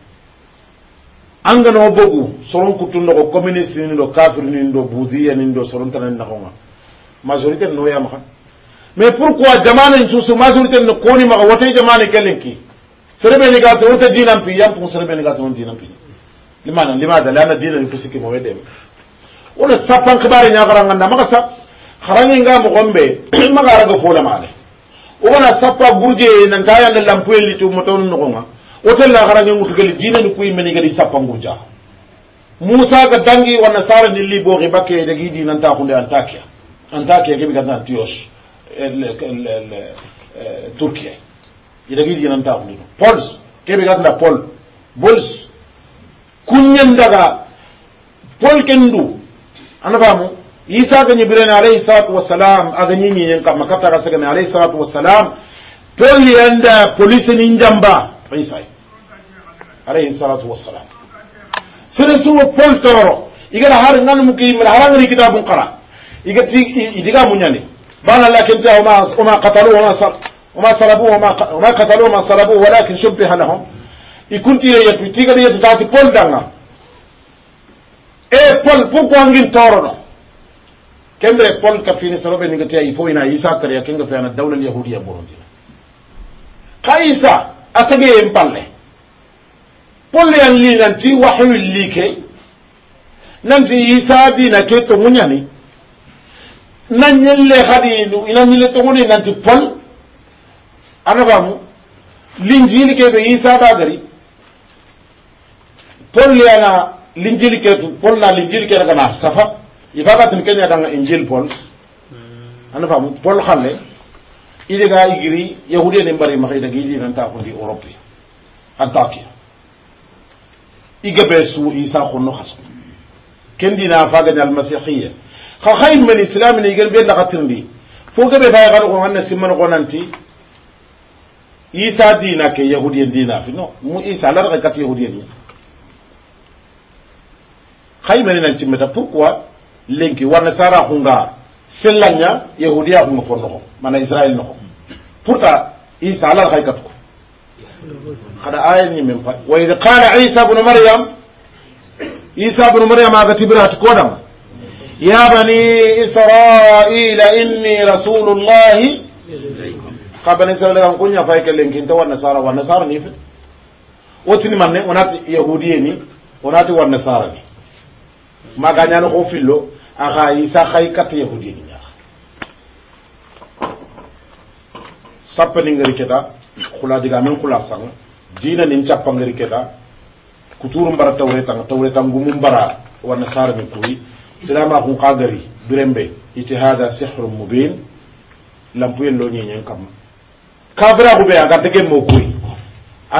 no bogu soron kutundo ko communiste ni do kafir ni do buziya ni do soron tanan na konga majorité no ya maka mais pourquoi jamana ni susu majorité no koni maka wote jamana kelen ki serebe ni ga to wote dinan pi yam ko serebe ni ga to dinan pi limana limada na dinan ko sikki mo wede wala sapan khabari nya garanga na maka sap kharani nga mo gombe ra go fola male wala sappa burje nan tayal lampueli tu moton no konga وتلا غران يوم كل دين نكوي من يقال يسافن غوجا موسى كدانجي وانا سار نللي بوري بكى دقي دين انتا كون انتاكيا انتاكيا كيف كذا تيوش ال ال ال تركيا يدقي دين انتا كون بولس كيف كذا بول بولس كونيان دعا بول كندو انا فاهمه عيسى كني بيرن عليه الصلاة والسلام أغني مين كم كتر عليه الصلاة والسلام بول يندا بوليس نينجامبا عيسى عليه الصلاة والسلام سنسو بول ترورو إيقال هار نان مكيم من هرانغني كتاب قرأ إيقال إيقال منياني بانا لكن وما وما قتلوه وما صل وما صلبوه وما وما قتلوه وما صلبوه ولكن شبه لهم يكون تي يتو تيقال يتو تاتي بول دانا إيه بول بوكو أنجين تورونو kembe pon kafini sarobe ni gatia ifo ina isa kariya kenga fe na dawla yahudiya burundi kaisa ategeyen palle polleyan li nanti wahyul li ke nanti isa dina ke toŋuñani nañelle hadi ina ñille toŋuni nanti pol anafamu linjili ke ɓe isa ɗagari polleyana linjili ke tu pol na linjili ke ragana safa ifaɓatin keñadanga injil pol anafamu pol halle ile ga igiri yahudiya ne bari makai daga ili nan ta kundi europe an ta ke iga be su isa kunno hasu kendi na faga dal masihiyya kha khayl min islam ne igal be na gatirni fo ga be ba ga ko anna simman ko nanti isa dina ke yahudiya dina fi no mu isa lar ga kat yahudiya ni khayl min nan timmeta pourquoi lenki wana sara hungar fellanya yahudia kun fo noxo mana israel nogo pourtant isa ala hay katuko kada aya ni men fa wa idh qala isa ibn maryam isa ibn maryam aga tibira ta kodam ya bani israila inni rasulullah xa bani israila kan kunya fa kelen ta wa nasara wa nasara ni fit wotini manne onati yahudie ni onati wa nasara ni maganya no fillo aga isa xay kat yahudi ni nyaa sappani ngari keta khula diga men khula sang dina nin chappa ngari keta kutur mbara tawre tang tawre tang gum mbara wana sar mi kuyi silama kun qagari birembe ite hada sihrun mubin lampuyen lo nyenyen kam kabra gube aga tege mo kuyi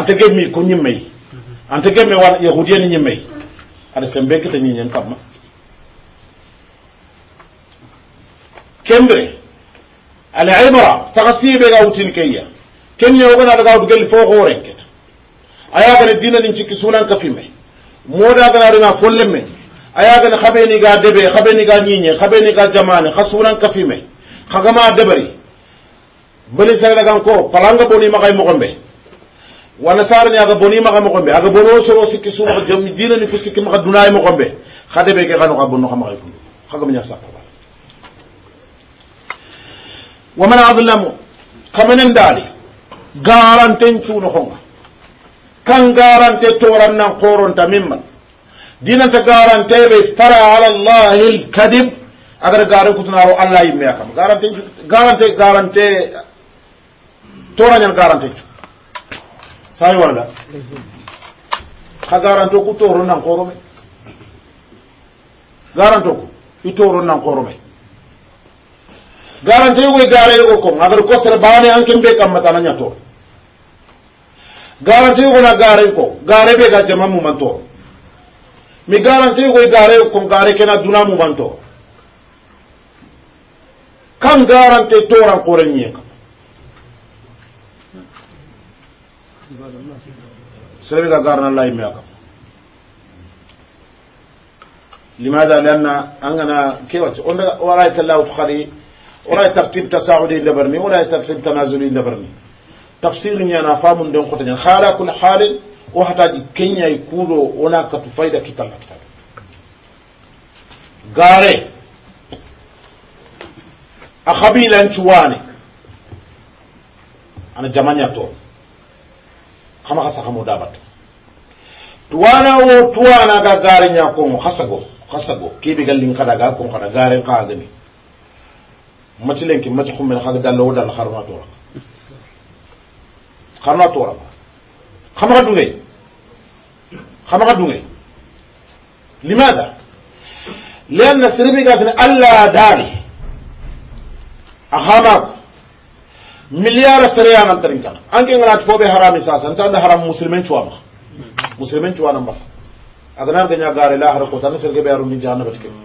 te ge mi kunyi mei ante wal me wan yahudiyen ni mei ada sembe kita nyenyen kam كمبري العبرة تغسيب إذا وتنكية كن يوغن على قاعد قل فوق ورنك أياغن الدين اللي انشك سولان كفيمه مودا غن أرنا فل من أياغن خبيني قاعد دبي خبيني قاعد نيني خبيني قاعد جماني خسولان كفيمه خغما دبري بلي سيغل قاعد قو فلانغ بوني مغاي مغمبه وانا سارني هذا بوني مغا مغمبه هذا بونو سلو سكي سولان جم دين اللي فسكي مغا دناي مغمبه خدبه كي غنو غابونو خمغيكم خغم نيا ساقبه wa mana abun a munu kama ne nda a le kan garante tauraron na koronta min ma dinan ta garante bai fara hali allah a yi kadim akada garanti kutu na aro alayi mewa kamar garante garante tauranyan garante sa yi wanda ka garanto ku tauraron na korome garanto garantiyogoy gaalay urkom hadar kosere baane anken be kamma tananya to garantiyogona gaare ko gaare be ga jama mumanto mi garantiyogoy gaare kon gaare kena duna mumanto kan garante toran korenye kam سربي غارنا الله يمياكم لماذا لأن أنا كيف أقول ورايك الله تخلي wona tartib tasawudi lebarni wona tartib tanazuli lebarni tafsir ñana famun den xotañan xaala kul xaalin o hataji keñay kuuɗo wona katu fayda kitalla kital gaare a xabilancuwaane ana jamañato xama xa saxamo dabat tuwana wo tuwana ga gaare ñakongo xasago xasago keɓe ga ling xaɗa ga kon xaɗa gaaren xaagani mati lenki mati xumme na xaga dalla wo dalla xarna tora xarna tora xama xa dungay xama xa dungay لماذا لأن سربي قاتنا ألا داري أخامات مليار سريان أنت رنكنا أنك نغنات فوبي حرامي ساسا أنت عند حرام مسلمين شواما مسلمين شوانا مفا أغنار دنيا غاري لا حرقوتا نسرقي بيارو من جهنم بتكلم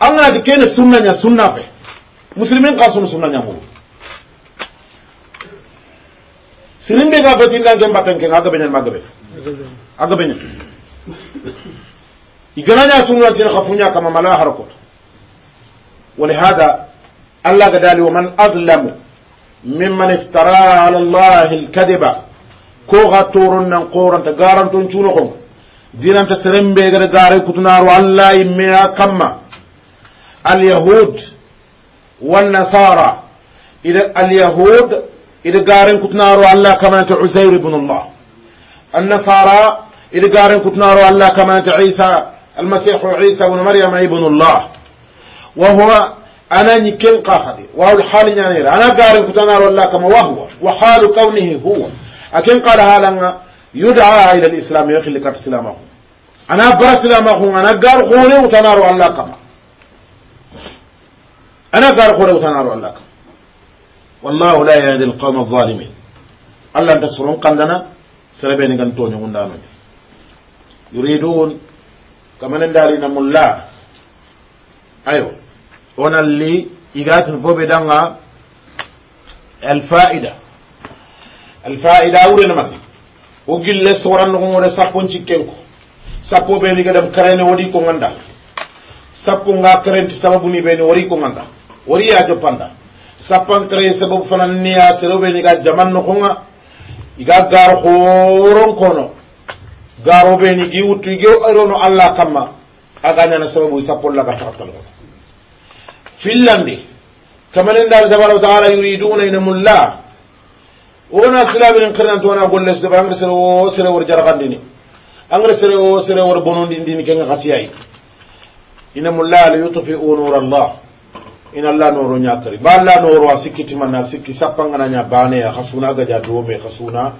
anganati kene sunna ña sunna fe muslimin ka sunu sunna ñamuru sirimbe ga batindanke mbattenke nga agabeñen ma agabe agabeñen iganaña sunnatin xa fuña kama mala harakoto ولهذا الله قال ومن أظلم ممن افترى على الله الكذب كوغا تورن نقورن تقارن تنشونكم دينا تسرم بيغر قاري كتنار والله يميا كما اليهود والنصارى إذا اليهود إذا قارن كتنارو الله كما أنت عزير بن الله النصارى إذا قارن كتنارو الله كما أنت عيسى المسيح عيسى بن مريم ابن الله وهو أنا نكين قاهدي وهو الحال نانير أنا قارن كتنارو الله كما وهو وحال كونه هو أكين قال هذا يدعى إلى الإسلام يخلق إسلامه أنا برسلامه أنا قارن خوني وتنارو الله كما ana gar ko rewta naro allah ka wallahu la yahdi alqawma alzalimin allah nta soron kandana sereɓeni gan toñogundanoni yuridun kamane darina mulla ayo onalli igatin foɓe danga alfaida alfaida wurenema o gille soranɗogomode sappon cikkenko sappo ɓeni nga karenti sababuni ɓeni wari woriya joppanda sappankere sababu fana niya seroɓe niga jaman nokonga iga gar horon kono garoɓe ni gi wuttu ige rono allah kamma agañana sababu sappollaga taxatalga finlandi kamanen dal tabaraka wa taala yuriduna ina mulla wona silaɓenen kirnanto wona golle sude ɓa engrais sere o sere wor jaragandini engrais sere o sere wor bonondindini kenga xatiyayi ina mulla la yutfiu nura allah ina la noro ñakari ba la noro a sikkitimana sikki sappanganaña baneya xa suna gadia doome xa suna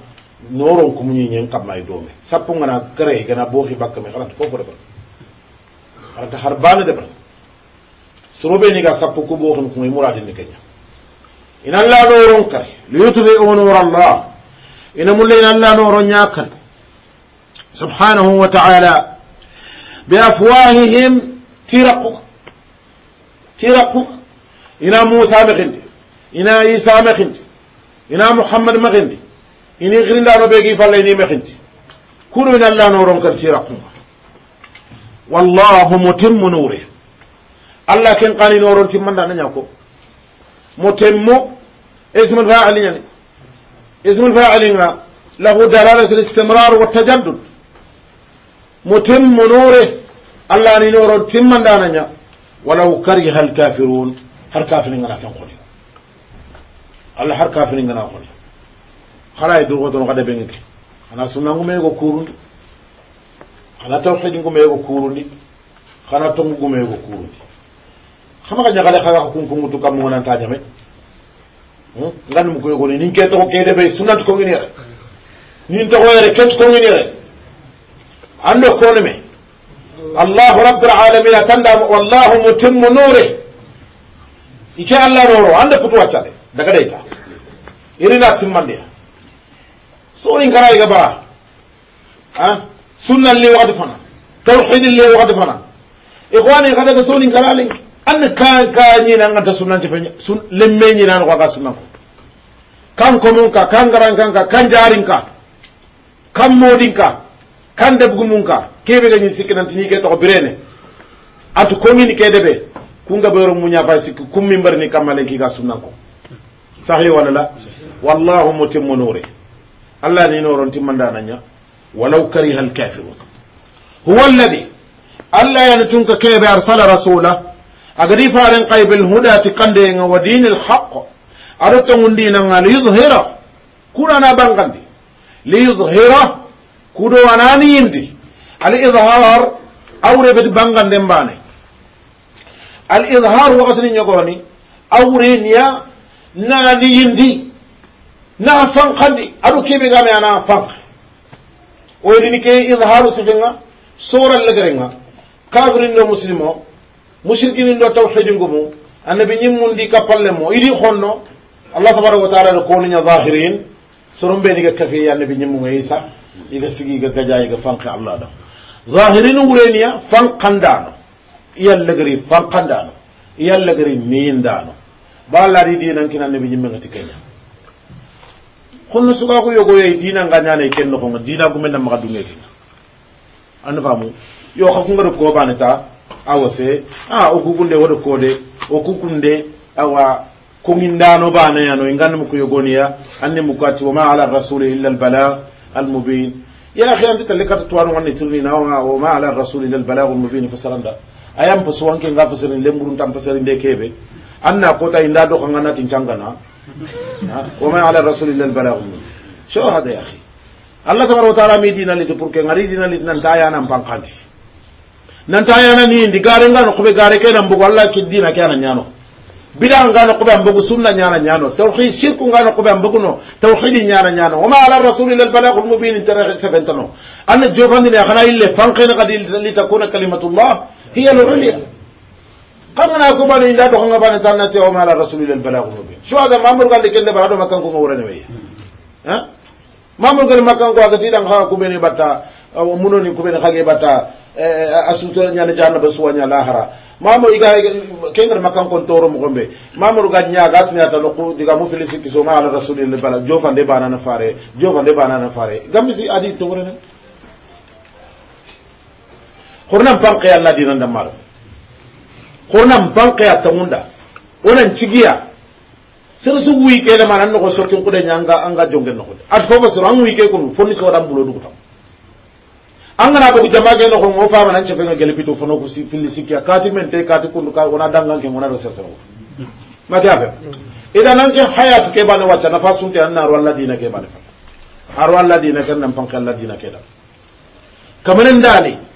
noron kumuñiñen kamma e doome sappungana kare gana me bakkame xarata fofo deɓar xarata har bane deɓar ni ga sappu ku booxin kuŋa muradi ni keña ina la noron kare li yutri nor allah ina mulle ina la noro ñakan subhanahu wa taala bi afwahihim tiraquka tiraquka ina musa mexindi ina isa mexindi ina muhammad mexindi ini xirindano ɓegi falla ini mexindi kunu ina lanoron kantira kunga wallahu mutimmu nure allah ken qani noron timmandanaña ko mutimmu ismul faaliñani ismul faalinga lahu dalalatu listimrar waltajaddud mutimmu nure allah ni noron timmandanaña walaw kariha alkafirun har kafirin ngana ken kholi Allah har kafirin ngana kholi khara idu goto ngada bengi ana sunna ngume go kurun ana tawhid ngume go kurun khana to ngume go kurun khama ga jagale khaga kun kun mutu kam ngona ta jame ngan mu ko go ni ke to ke de be sunat ko ngi ne ni to ko yere ket ko ngi ne ando ko ne me الله رب العالمين تندم والله متم نوره ike allah roro ande putu waccade daga ita dayta irina simmandiya sorin kara iga bara a lewa da fana lewa da fana ihwani kadaga sorin kara li an ka ka ñina nganta sunnanci fe lemme ñinani nan sunnan sunan kan konun ka kan garan kan ka kan jarin ka kan modin ka kan debgumun ka keɓe gañin sikkinanti ñike toxo birene atu communiqué deɓe kunga ɓeero muñafa sikki kummi mbarni kammalen kiga sunnanko sahi wala la wallahu mutimmu nure allah ni noron timmandanaña walaw kariha alkafirun huwa alladi allah yani tunka keɓe arsala rasula agadi faren kayɓel huɗati kandeenga wa dini lhaq aɗo tongundinanga liyudhira kunana bangandi liyudhira kuɗo anani indi al idhar awreɓeti banganden mbane Ali izhaaru waqtii nii nii njooge yindi nii awureen yaa naanaa diyin di naafan qandi alu kee bi nga amee anaafan. Ooyirri ni kee izhaaru si fi nga soora lagare nga kaawurin ndo muslimoo musilikini ndo tawxe junqumoo di kappale moo iddoo Allah foofaa dhufee taa dha de koonu nya zaa xiriin. Soroom bineeni ga kafee yaadne binjimmuun ayi saax. Yiga sigi yiga gajaayi yiga fanqi Allah da Zaa xiriin awureen yaa yallagari fankandano yallagari mindano di dinan kinan nabi jimme ngati kenya kunno suga ko yogo yi dina nganya ne ken no ko dina gumen na maga dunge dina an famu yo ka kunga ko ne ta se a o kukunde wodo de o kukunde awa no bana no ingan mu ko yogoniya anne mu kati wa ma ala rasuli illa al bala al mubin ya akhi anta talika tuwanu wanne tirni na wa ma ala rasuli illa al bala al mubin fasalanda ayam pusu ke nga pusirin lemburun tam pusirin de kebe anna kota inda do kan ngana tin cangana wa ma ala rasulillah balagh so hada ya akhi allah tabaraka wa taala mi dina litu pour que ngari dina litu nan taya nan pankanti nan taya nan ni ndi gare ngano ko be gare ke nan bugo allah ki dina ke nan nyano bida ngano ko be ambugo sunna nyana nyano tawhid shirku ngano ko be ambugo no tawhid nyana nyano wa ma ala rasulillah balagh al mubin tarikh sabantano an jobandi ne khana ille panqina qad litakuna kalimatullah هي العليا قرنا كوبان إن لا تكون غبان تانا تيوم على رسول الله البلاغ المبين شو هذا ما مر قال لك اللي برادو مكان كوما ورنوي ها ما مر قال مكان كوا كتير أن خاكو بيني بتا أو منو نكوبين خاكي بتا أسوتر نيان جانا بسوانيا لاهرا mamu iga kengar makan kon toro mo gombe mamu ga nya ga tnya ta loku diga mu filisi kiso ma ala rasulillah bala jofande bana na fare jofande bana na fare gamisi adi tore ne hornan panke alla dinan da maro hornan panke ya tamunda onan cigiya sir su wi ke da manan ko sokin kuda nyanga ga jongen no at fofa basro an wi ke kun fonni so dan bulo dugutam an gana ko jama ke no ko mo fa manan cefe ngel pito fono ko si filli sikya kati men te kati kunu ka ona dangan ke mona do serta ma ta be idan an ke hayat ke bana wacha na fasun te annar wallahi dina ke bana har wallahi dina kan nan panke Allah dina ke da kamar ndani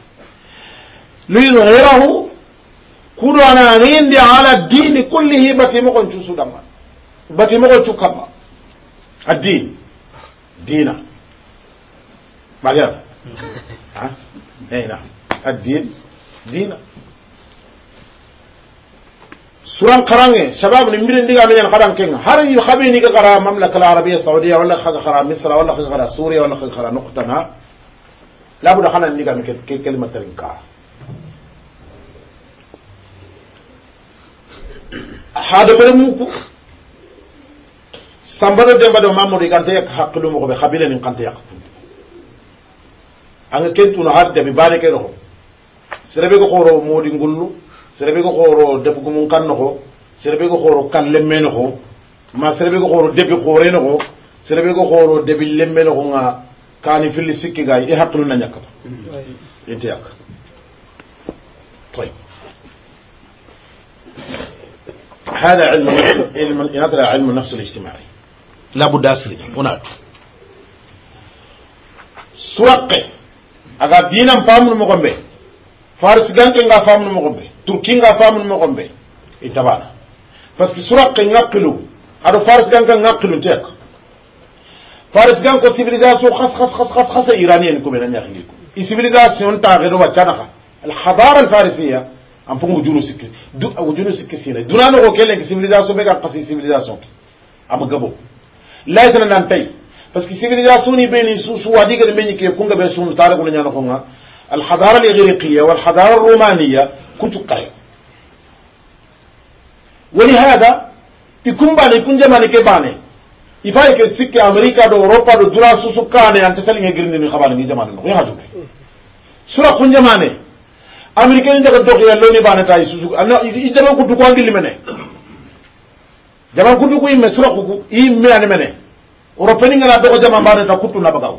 ليظهره كلنا نين على الدين كله باتي مكن تشو دما باتي مكن تشو كما الدين دينا ما غير ها دينا إيه، نعم. الدين دينا سوران قرانه شباب نمبرين دي مين قران كين هر يخبي نيغا قرا المملكه العربيه السعوديه ولا خا قرا مصر ولا خا قرا سوريا ولا خا قرا نقطه لابد خلينا نيغا كلمه ترنكار haade mbaɗa muuku sa mbaɗa de mbaɗa mamadou ganta yak haqqilumoko ɓe xabilanin ganta yakfunde anga kentuno hadde mi baaleke ɗoko serebe ko xooro moodi ngullu serebe ko xooro defgu mum kanno ko serebe ko xooro kan lemmeno ko ma serebe ko xooro debi xoorene ko serebe ko xooro debi lemmeno ko nga kaani filli sikki gaa i haqqilu na ñakkata inte yak هذا علم علم ينظر علم النفس الاجتماعي لا بد أسري هناك سوق أغا دينا فامن مغمبي فارس غانك غا فامن مغمبي تركي غا فامن مغمبي انتبانا بس سوق نقلو هذا فارس جانك نقلو تيك فارس غانك سيفيليزاسيون خس خس خس خس خس إيرانيين كومي لن يخليكم السيفيليزاسيون تاغيرو واتشانخا الحضارة الفارسية an pung wujulu sikki du wujulu sikki sina duna no ko kelen civilisation be ka pasi civilisation am gabo lay tan nan tay parce que civilisation ni be ni su su wadi ga be ni ke kunga be sunu tare ko nyana ko nga al hadara al ighriqiyya wal hadara al romaniyya kuntu qay wali hada ikumba ne kunje mani ke bane ifaye ke sikki america do europa do dura su su kane an tasali ngirni ni khabari ni jamani ko ya hadu sura kunje mane américain daga tok ya loni bana tay susu anna idama kutu ko angili mene jama kutu ko imme sura ko i me ane mene europeni ngana dogo jama bana ta kutu na bagaw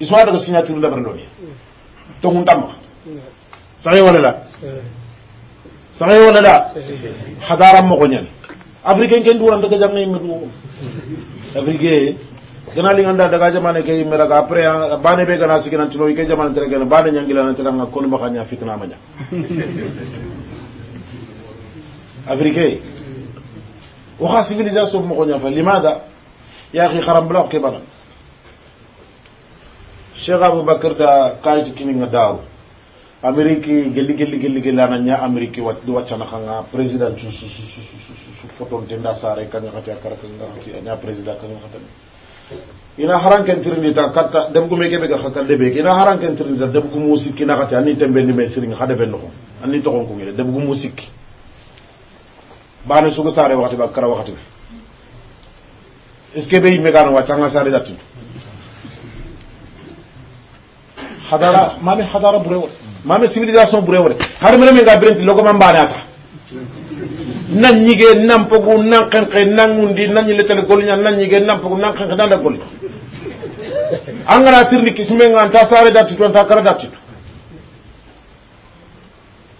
iso daga signature da barndoni to hun tam sahay wala la sahay wala la hadaram mo ko nyen africain ken duran daga jamna e imme du africain gana linga daga jamane ke mera ga pre bane be gana sigina tino ke jamane tere gana bane nyangila na kon ngakon makanya fitna manya afrike waxa civilisation mo konya fa limada ya akhi kharam bla ke bana cheikh abou bakr da kaaj kini nga daaw ameriki gelli gelli gelli gelli na nya ameriki wat du wacca na khanga president su su su su foton te nda sare kan nga khata kar kan nga khata nya president kan nga khata ina haranken katta debgume keɓe xa kalde ina haranken debgumu sikki na xati anni tembendi me sirin xa defen noxon anni toxon kungide debgumu sikki bane suga sare waxati ba kara waxati est ce que ɓe yimme gano waccanga sare datin hadara mame hadara ɓurewore mame civilisation ɓurewore har mene menga birenti logoma mbaneata nan ñige nan pogu nan xenxe nan ngundi nan ñi letal gol ñan nan ñige nan pogu nan xenxe nan da gol angara tirni kisme ngan ta sare datti ton ta kara datti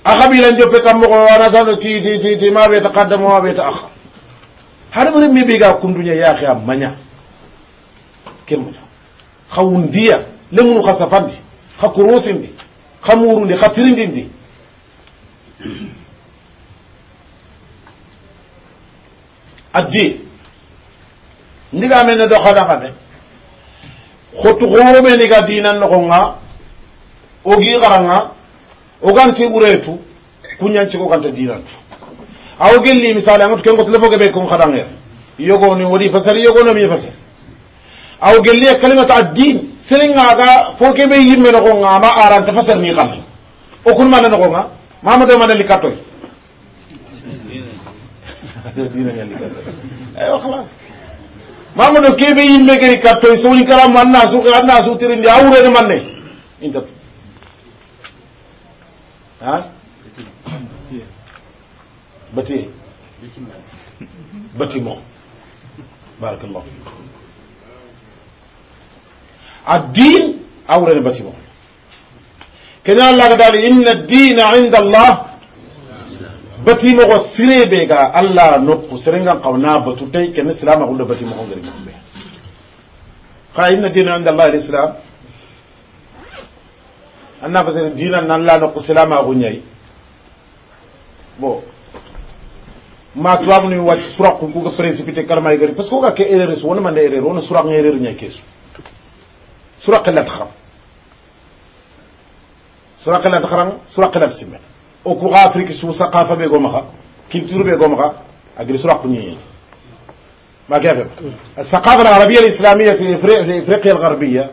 akabilan joppe kam mogo wana tan ti ti ti ti ma be taqaddama wa be ta'akhkhar har bare mi be ga kundunya ya khia manya kemma khawundiya lemunu khasafandi khakurusindi khamurundi khatirindindi addi ndiga me ne do xada xame xotu xoro me ndiga dinan no xonga o gi xaranga o gan ci uretu kunyan ci ko kan ta dinan aw gel li misala ngot ken ko telefo ge be ni wodi fasal yogo no mi fasal aw gel li kalima ta din sering nga ga fo ke be yimme no xonga ma aran ta fasal ni xam o kun هذا ديننا اللي يعني كذا ايوه كلام مان كلام ناسو تيرين دي اوري ني انت ها بتي بتي مو بارك الله الدين اوري بتي مو كنا الله قال ان الدين عند الله bati nogo sirebe ga allah nokku serengan kawna batu tay kene silama gulle bati mo ngari mbe ka inna dina inda allah alislam anna fasir dina nan la nokku silama gunyai bo ma tuwabu ni wacc surak ku ga précipité karma gari parce que ga ke erreur so wona man erreur wona surak erreur nyai kesu surak la tkharam surak la tkharam surak la simen o kuxa afrique su saqafa ɓe goma xa culture ɓe goma xa agri suraquñeñeñ ما كافر الثقافة العربية الإسلامية في إفريقيا الغربية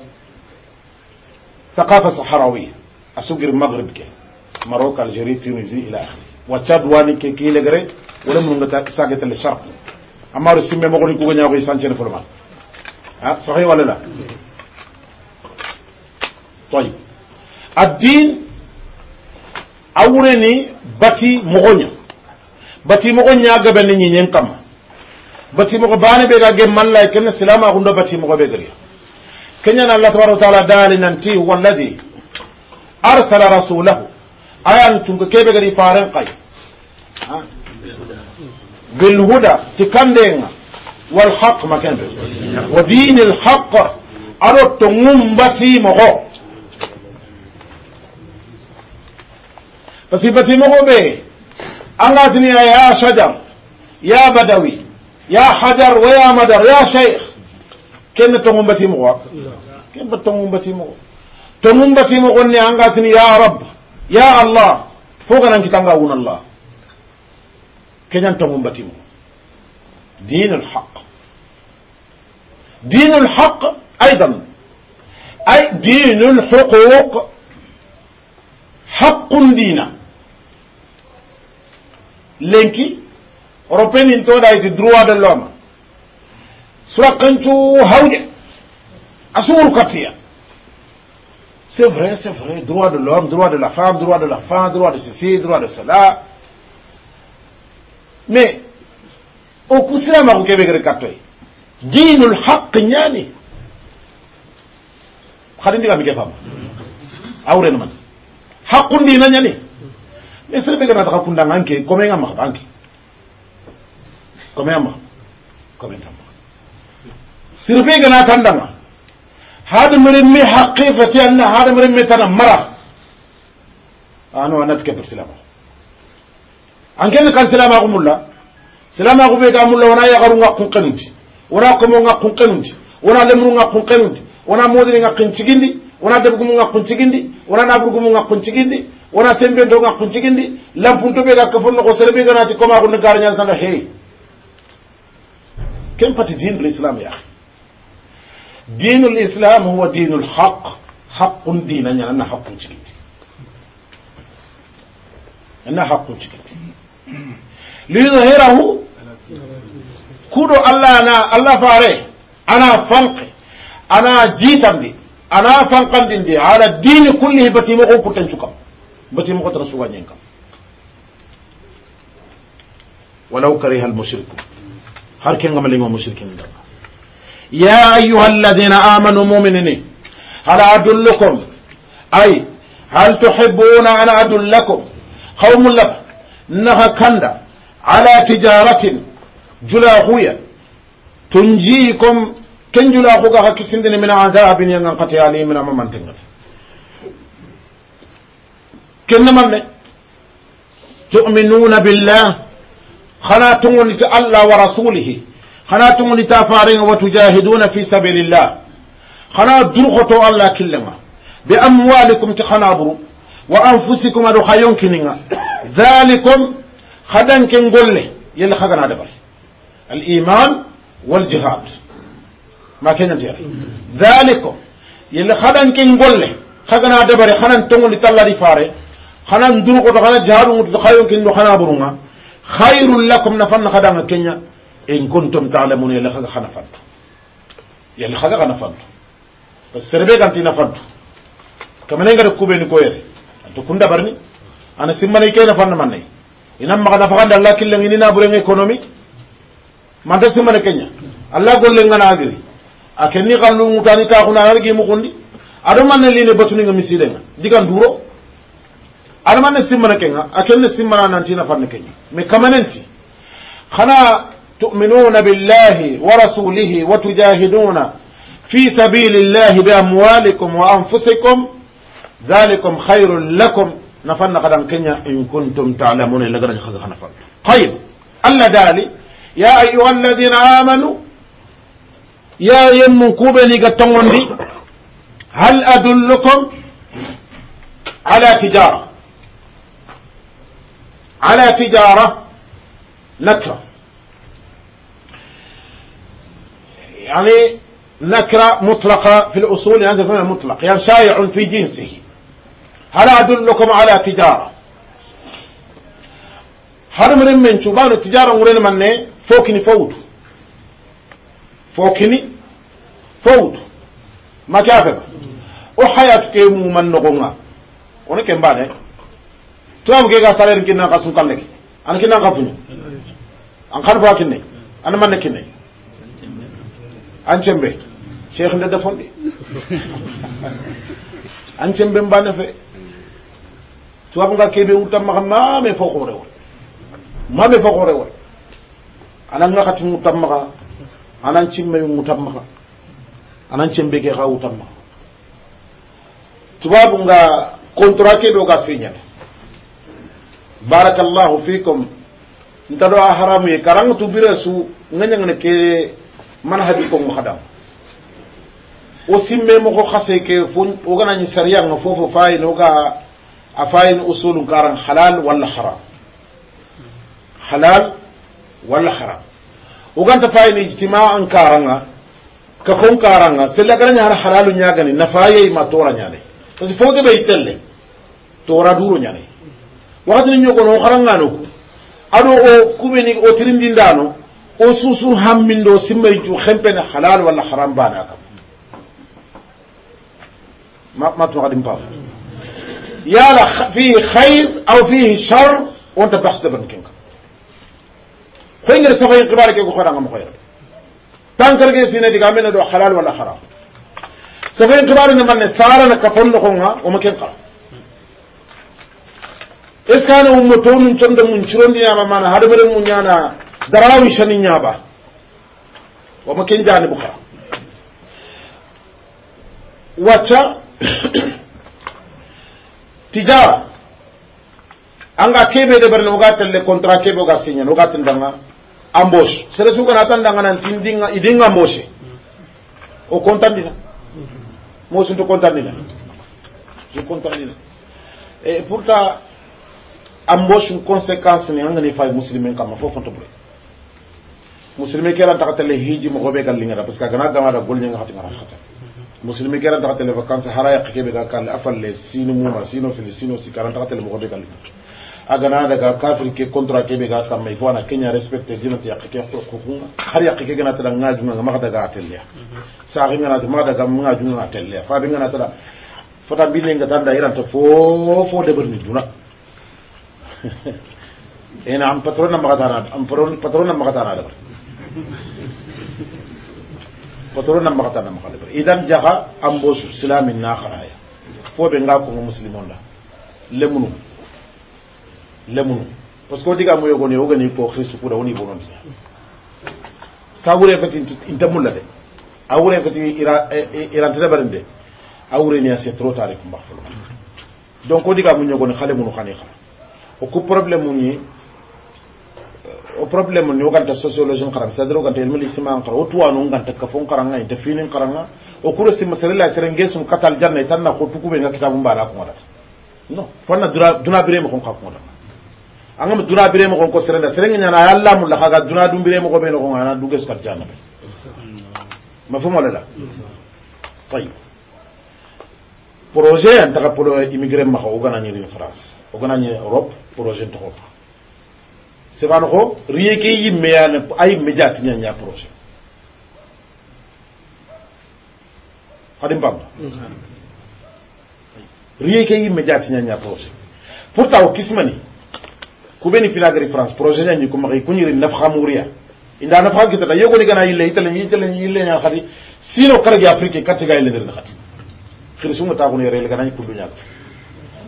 ثقافة صحراوية أسوق المغرب كي مروكا الجيري تونسي إلى آخره وتشاد واني كي كي لغري ولا من ساقة للشرق أما رسمي مغري كوغنيا وغي سانشين فرمان صحيح ولا لا طيب الدين awureni bati mogonya bati mogonya gabe ni nyen kam bati mogo bani be ga man lay ken salama gundo bati mogo be gari kenya na allah tabaraka taala dali nanti walladhi arsala rasulahu ayan tunga kebe gari faran qay bil huda tikandenga wal haqq makan wa dinil haqq aro to mogo فسيبتي مغبي أغاثني يا شجر يا بدوي يا حجر ويا مدر يا شيخ كين تغنب تيمغوك كين تغنب تيمغو تغنب تيمغوني أغاثني يا رب يا الله فوقنا انك تنغاون الله كين تغنب تيمغو دين الحق دين الحق أيضا أي دين الحقوق Hakundina, lenki européen in toɗa yti droit de l'homme sura kancu tu a c'est vrai c'est vrai droit de l'homme droit de la femme droit de la femme, droit de ceci droit de cela mais o kusilamaku keɓegere katoy dinul haqq nyani xadi mi ke fama man hakkundi na ñani mais sere ɓe ganata hakkunda anke commen a maxa anke commen a maxa commen ta maxa sere ɓe gana tandanga hadamaren me haqqe fati anna hadamaren me tana mara ano anati ke per silamaxo ankene kan silamaxu mulla silamaxu ɓe ga mulla wona yaxarunga qunqenundi wona komonga qunqenundi wona lemrunga qunqenundi wona modini nga qin di. wona deɓgumu ŋakkuncigindi wona naɓurgumu ŋakkuncigindi wona sembento ŋakkuncigindi lampunto ɓe ga kafon noxo sere ɓe ganati comaxunde garañansanda hey ken pati dine l'islam yaxi dine l'islam huwa dine lhaq haqun dina ñananna haqkuncigindi anna haqkuncigindi liyudhirahu kuɗo allah ana allah faare ana fanqe ana jiitandi انا فنقم على الدين كله بتي مغو كتنشكم بتي مغو ترسوا نينكم ولو كره المشرك هر كان غمل ما مشركين دا يا ايها الذين امنوا مؤمنين هل ادلكم اي هل تحبون ان ادلكم قوم لك نها كندا على تجاره جلاهويه تنجيكم كنجلا خوكا حكي سندن من عذاب ينغن قتي علي من ما تنغل كن من تؤمنون بالله خناتون لت الله ورسوله خناتون لتفارين وتجاهدون في سبيل الله خنا درخوا الله كلما بأموالكم تخنابوا وأنفسكم أدخيون كنين ذلكم خدن كنقول لي يلي الإيمان والجهاد ma keñam sere dalico yelle haɗanken golle hagana dabare hanan togondi talladi fare hanan durukoto hana jahaɗugutoto hayonkenɗo hana buruga hayrun lakum nafanna haɗanga keña in kuntum talamun yelle haga hana fantu yelle haga hana fantu par ce serebe gantina fantu kamanengada kuɓeni koyere anto kun dabarni ana simmanay kena fanna mannayi inan maga nafagande allah killenginina buren économique manta simmana keña allah gollenganagiri a kenni xallungu tani taxuna ana regi muxundi aɗomanne line batuninga misilenga digan duro aɗomanne simmana kenga a kenne simmana nantina fanne keña mais kamanenti xana tuminuna billahi wa rasulihi wa tujahiduna fi sabili llahi bi amwalikum wa anfusikum dhalikum hayrun lakum nafanna xadan keña in kuntum talamuna ilaganaji xasa xana fal tayib allah daali ya ayuha alladina amanu يا يم كوبني ga هل أدلكم على تجارة على تجارة نكرة يعني نكرة مطلقة في الأصول يعني تفهم مطلق يعني شائع في جنسه هل أدلكم على تجارة هل من من شبان التجارة مرين من فوقني فوتو fokini fowtu makafeba o hayat ke mu man no gonga ona ke mbade to am ke ga salaire kinna ka sun kalle an kinna ka fu an kan fa kinne an man kinne an cembe nda defon de an fe to am ga ke be utam ma ma me foko rewol ma me foko rewol ana nga khatimu anan cimme ngutan maka anan cembe ke xa wutan maka tubabu nga contrat ke do ga signal barakallahu fikum nta do a haramu ye karanga tu bire su ngañangana ke manhaji ko mu xadam o simme mo ko xase ke fo o ganañi sariya nga fofo fayin o ga a fayin usulu karan halal wala haram halal wala haram uganta payini ijtima'an karanga ka kon karanga sella garanya har halalu nyagani nafaye ma tora nyane parce que foge be itelle tora duro nyane wakati ni nyoko o karanga no ado o kumeni o tirindindano o susu hammindo simmay ju khempene halal walla haram bana kam ma ma to gadim pa yala fi khair aw fihi shar wanta bahs da bankinka فينجر سفاي قبار كي كخرا غم خير تان كرجي سينا دي كامين دو حلال ولا حرام سفاي قبار إن من سارا نكفون لكمها وما كن قا إس كان أمم تون من شند من شرون دي أما من هذا بره من يانا دراوي شنين يابا وما كن جان بخرا تجارة أنا كيف بدي برنوغات اللي كيف بوغا سينيا نوغات embauche sere su kana tan danga nan tin dinga idinga embauche o contandina mo sun to contandina je contandina et pourtant embauche une conséquence ni ngani fay muslimin kama fo fonto bure muslimi kera takatele hiji mo gobe kal lingara parce que kana dama da gol nyanga hatima rahata muslimi kera takatele vacances haraya kebe ga kal afal le sino muma sino fil sino si karanta takatele mo gobe kal lingara agana daga kafir ke kontra ke be ga kamma ifo ana kenya respecte dina ti yakike hukukun har ya yakike gana tada ngaju na ma daga atelia sa ri ngana ma daga ngaju na atelia fa bi ngana tada fota bille nga tanda iran to fo fo de berni duna ena am patron na na am patron na na da patron na magatana magatana idan jaha ambo islamin na kharaya fo be ngako muslimon da lemunu lemunu parce que wotiga moyo goni wogani ko xirisu kuda woni bonon sa wure fati inta mulla de a wure fati ira e, e, barin de a wure ni a trop tard ko folo donc wotiga moyo goni xale munu xani xa o ko problème ni o problème ni woganta sociologie nkaran c'est à dire woganta ilmu lisima nkara wo tuwanu nganta fon karanga inta fini karanga o kuro sima serela sere ngesum katal janna na ko tukubenga bumbara ko kumada non dura bire mo kon ka kumada angam duna bire mo ko serenda serenge nyana alla mulla kaga duna dum bire mo ko be no ngana duges kat janna be mafhumu wala la tayib projet an taka polo immigré ma o gana ni france o gana ni europe projet to ko c'est pas ko riye ke yi meyan ay médiat ni projet hadim bam riye ke yi médiat ni nya projet pourtant o kismani kubeni finagari france projet ni ko maxi kuñiri naf xamuriya inda naf xa kitata yogoni gana yille itale ñi itale ñi yille ñan xati sino karagi afrique katiga yille ndirna xati xiri sunga taxunu yere yele ganañi kundu inda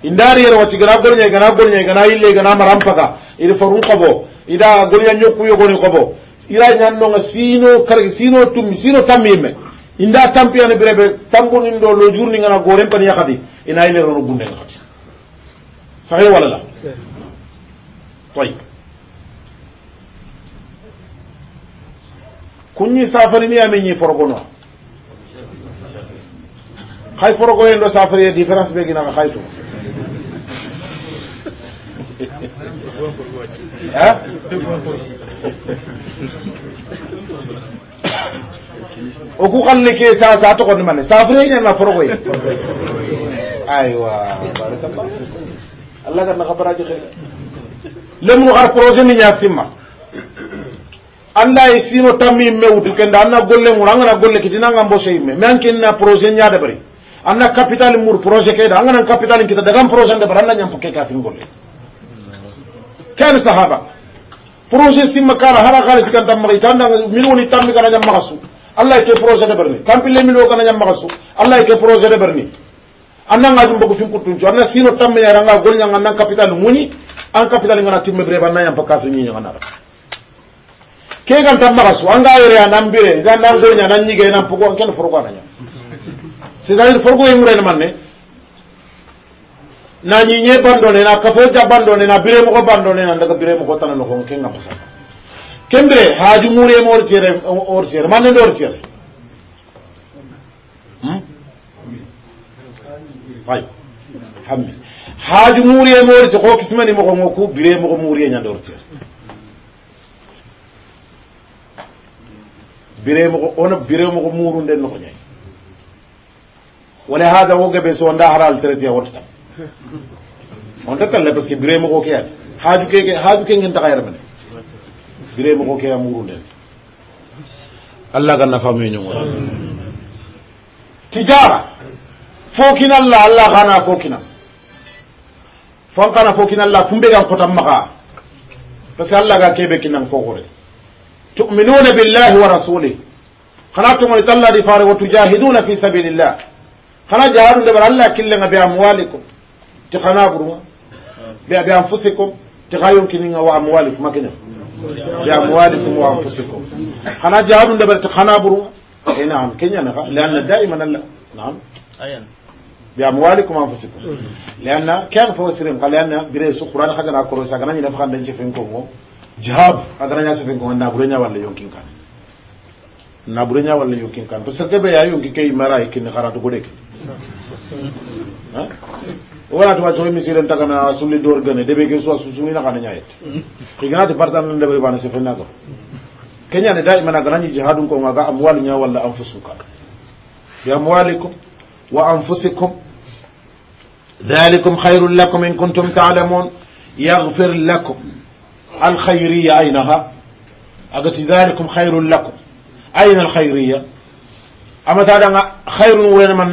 indari yere wacci gana golñe gana golñe gana yille gana marampaga ida farun xobo ida golña ñokku yogoni xobo ira nga sino karagi sino tummi sino tamime inda tampiyani birebe tambunin do lo jurni ngana goren pani yakati ina yille rono gunden xati saxe wala la طيب كني سافر مي امي فرغونو خاي فرغو يندو سافر يدي فرنس بيغينا نعم خايتو ها اوكو خان نيكي سا سا ماني سافر يني نعم أيوة. ما فرغو الله الله كان خير lemu har projet ni ña simma anda e sino tammi yimme ke kende anna golle ngur angana golle kiti nanga mbose yimme me anke na projet de bari anna capital mur projet kede anganan capital kita dagam projet bari anna ñampa ke kafin golle kan sahaba projet simma kara hara khalis kan tamma ita anda miloni tammi kana ñamma kasu allah ke projet debarni le milo kana ñamma kasu allah ke projet bari anna ngajum bogu fim ko jo anna sino tammi yaranga golnya ngana capital muni an capital ngana timme bire banna yam pakasu ni ngana ra ke gan tam marasu an ga yere anan bire dan dan go nya nan nyige nan pugo ken furgo na nya si dan furgo imre na manne na nyi nye bandone na kapo ja bandone na bire mo bandone na daga bire mo ko tan no ko ken ngam sa kembire haaju muure mo or jere manne do or hmm hay hammi haaju muurie moorti ko kismani mogo ngo ku bire mogo muurie ñandorteer bire mogo ono bire mogo muurunden noko ñay wala hada woge ɓe sowo ndaharal traité wot tam on rekkalle par ce que bire mogo keyan haaju keke haaju kengen taxayar mene bire mogo keya muurunden allah ganna fami e ñongo tijara fookinalla allah xana fookinal fonkana fo kinalla fumbegan kotan maxa parce que allah ga keɓe kinan foxure tuminuna billahi wa rasulih xana togoni talladi fare wa tujahiduna fi sabilillah xana jahadu ndeɓar allah killenga be amwalikum ti xana guruma be be anfusikum ti xa yonkininga wa amwalikum akine be amwalikum wa anfusikum xana jahadu ndeɓar ti xana buruma e naam keñanaxa leanna daiman allah naam بأموالكم وأنفسكم لأن كان فوسرين قال لأن بري القرآن حاجة نقول سأقنا نجف عن دنيش فينكم جهاب أقنا نجف فينكم النابرين ولا يمكن كان النابرين ولا يمكن كان بس كيف يا يمكن كي مرا يمكن نقرأ تقولك ولا تواجه مسيرن تكنا سولي دور غني دبي كيسوا سولي نكان نيايت كيغنا تبارتان ندبي بان سفنا كو كنيا نداي منا غناني جهادكم وغا أموالنا ولا أنفسكم بأموالكم وأنفسكم ذلكم خير لكم إن كنتم تعلمون يغفر لكم الخيرية أينها أقول ذلكم خير لكم أين الخيرية أما تعالى خير وين من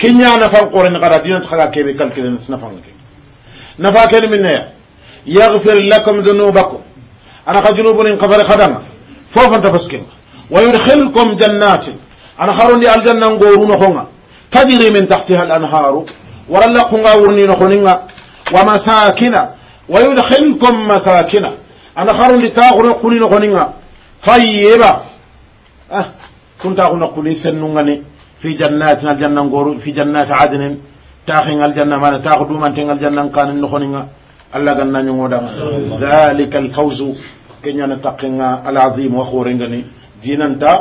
كن يانا فالقرن قراتين تخلا كيبي كالكلين سنفانك نفاكين من يغفر لكم ذنوبكم أنا قد جنوب إن قبر خدمة فوفا تفسكين ويدخلكم جنات أنا خارون دي الجنة نقولون خونها تجري من تحتها الأنهار ورلقوا قنغا نخونينا ومساكنا ويدخلكم مساكنا أنا خارون لتاغر قولي نخونينا طيبة أه كنت أغنا قولي سنوني في جنات الجنة في جنات عدن تاخين الجنة ما تاخذ دوما تين الجنة كان نخونينا الله غنا نمودا ذلك الفوز كنا نتقينا العظيم وخورينا وخورنغني دينانتا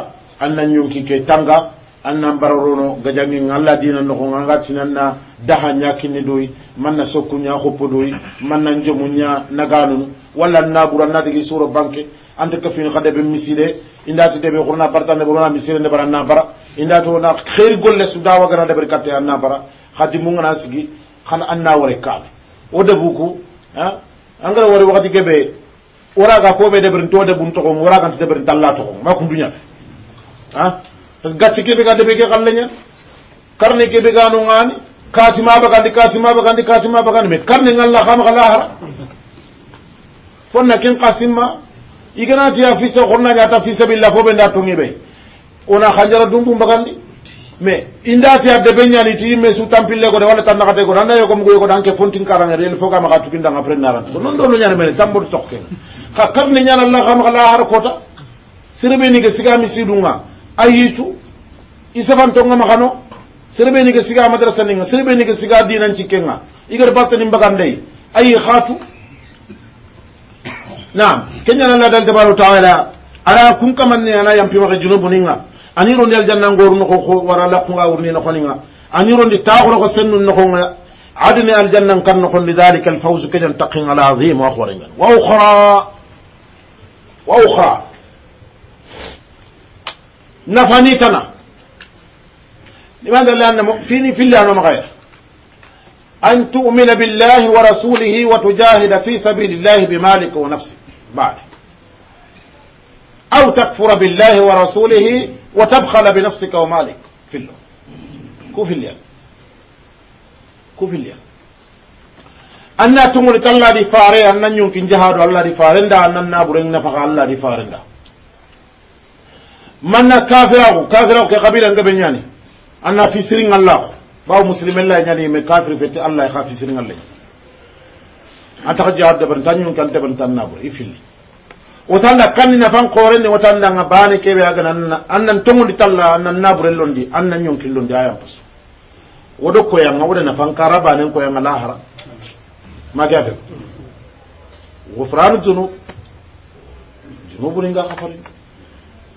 أن نيونكي كي تنغا annan bararono gajangin allah dina nohon an gatinanna daha ñakkinni doyi manna sokkuña hoppo doyi manna jomuña naganunu na nabura natigi suro banque anta kafini xa deɓe miside indati deɓe xurna barta ndeɓerona misire ndeɓara na bara indati na xeeri golle su dawagana deɓer katte an na bara xa dimungana sigi xana an na wore kaane o debuku angara wore waxati keɓe woraga koɓe deɓerin to ora toxong woraganti deɓerin talla toxong ma kunduñat parce que gacci kebe ga debe ke kallenyen karne kebe ga no ngani kati ma bagandi kati ma bagandi kati ma bagandi me karne ngalla kham khalla hara fonna ken qasimma igana tiya fisa khonna nyata fisa billah fo benda tungi be ona khanjara dumbu bagandi me inda tiya debe nyani ti me su tampille ko de wala tan nakate ko nanda yoko mugo ko danke fontin karanga rel fo ga ma katu kinda ngapre naran ko non do no nyana mene tambur tokke ka karne nyana allah kham khalla hara kota sirbe ni ke sigami sidunga ayitu isafantonga magano serebe ni siga madrasa nga serebe ni siga dinan nga igar batta nim bagandai ay khatu nam kenya na dal tabaru taala ala kun kamanne ana yampi wa junubu nga ani ron dal janna ngor no ko wara la nga wurni no nga ani ron di taxro ko sennu no khonga adni al janna kan no khon lidhalika al fawz kajan taqin al azim wa wa ukhra wa ukhra نفاني تنا لماذا لأن في في الله ما غير أن تؤمن بالله ورسوله وتجاهد في سبيل الله بمالك ونفسك بعد أو تكفر بالله ورسوله وتبخل بنفسك ومالك في الله كوف الله كوف الله أن تمر الله دفاري أن يمكن جهاد الله دفارندا أن نابرين نفق الله دفارندا manna kafiraku kafiraku ke kabila nga benyani anna fisirin allah ba muslimin la nyani me kafir fete allah ka fisirin allah anta jihad da bantan yun kan taban tan na bur ifil wotanda kanni na fan kore ne wotanda nga bani kebe aga nan annan tongu di talla annan na bur londi annan yun kin londi ayam pas wodo ko yang wodo na fan karaba nen ko yang lahara magabe gufranu junub junubun nga khafarin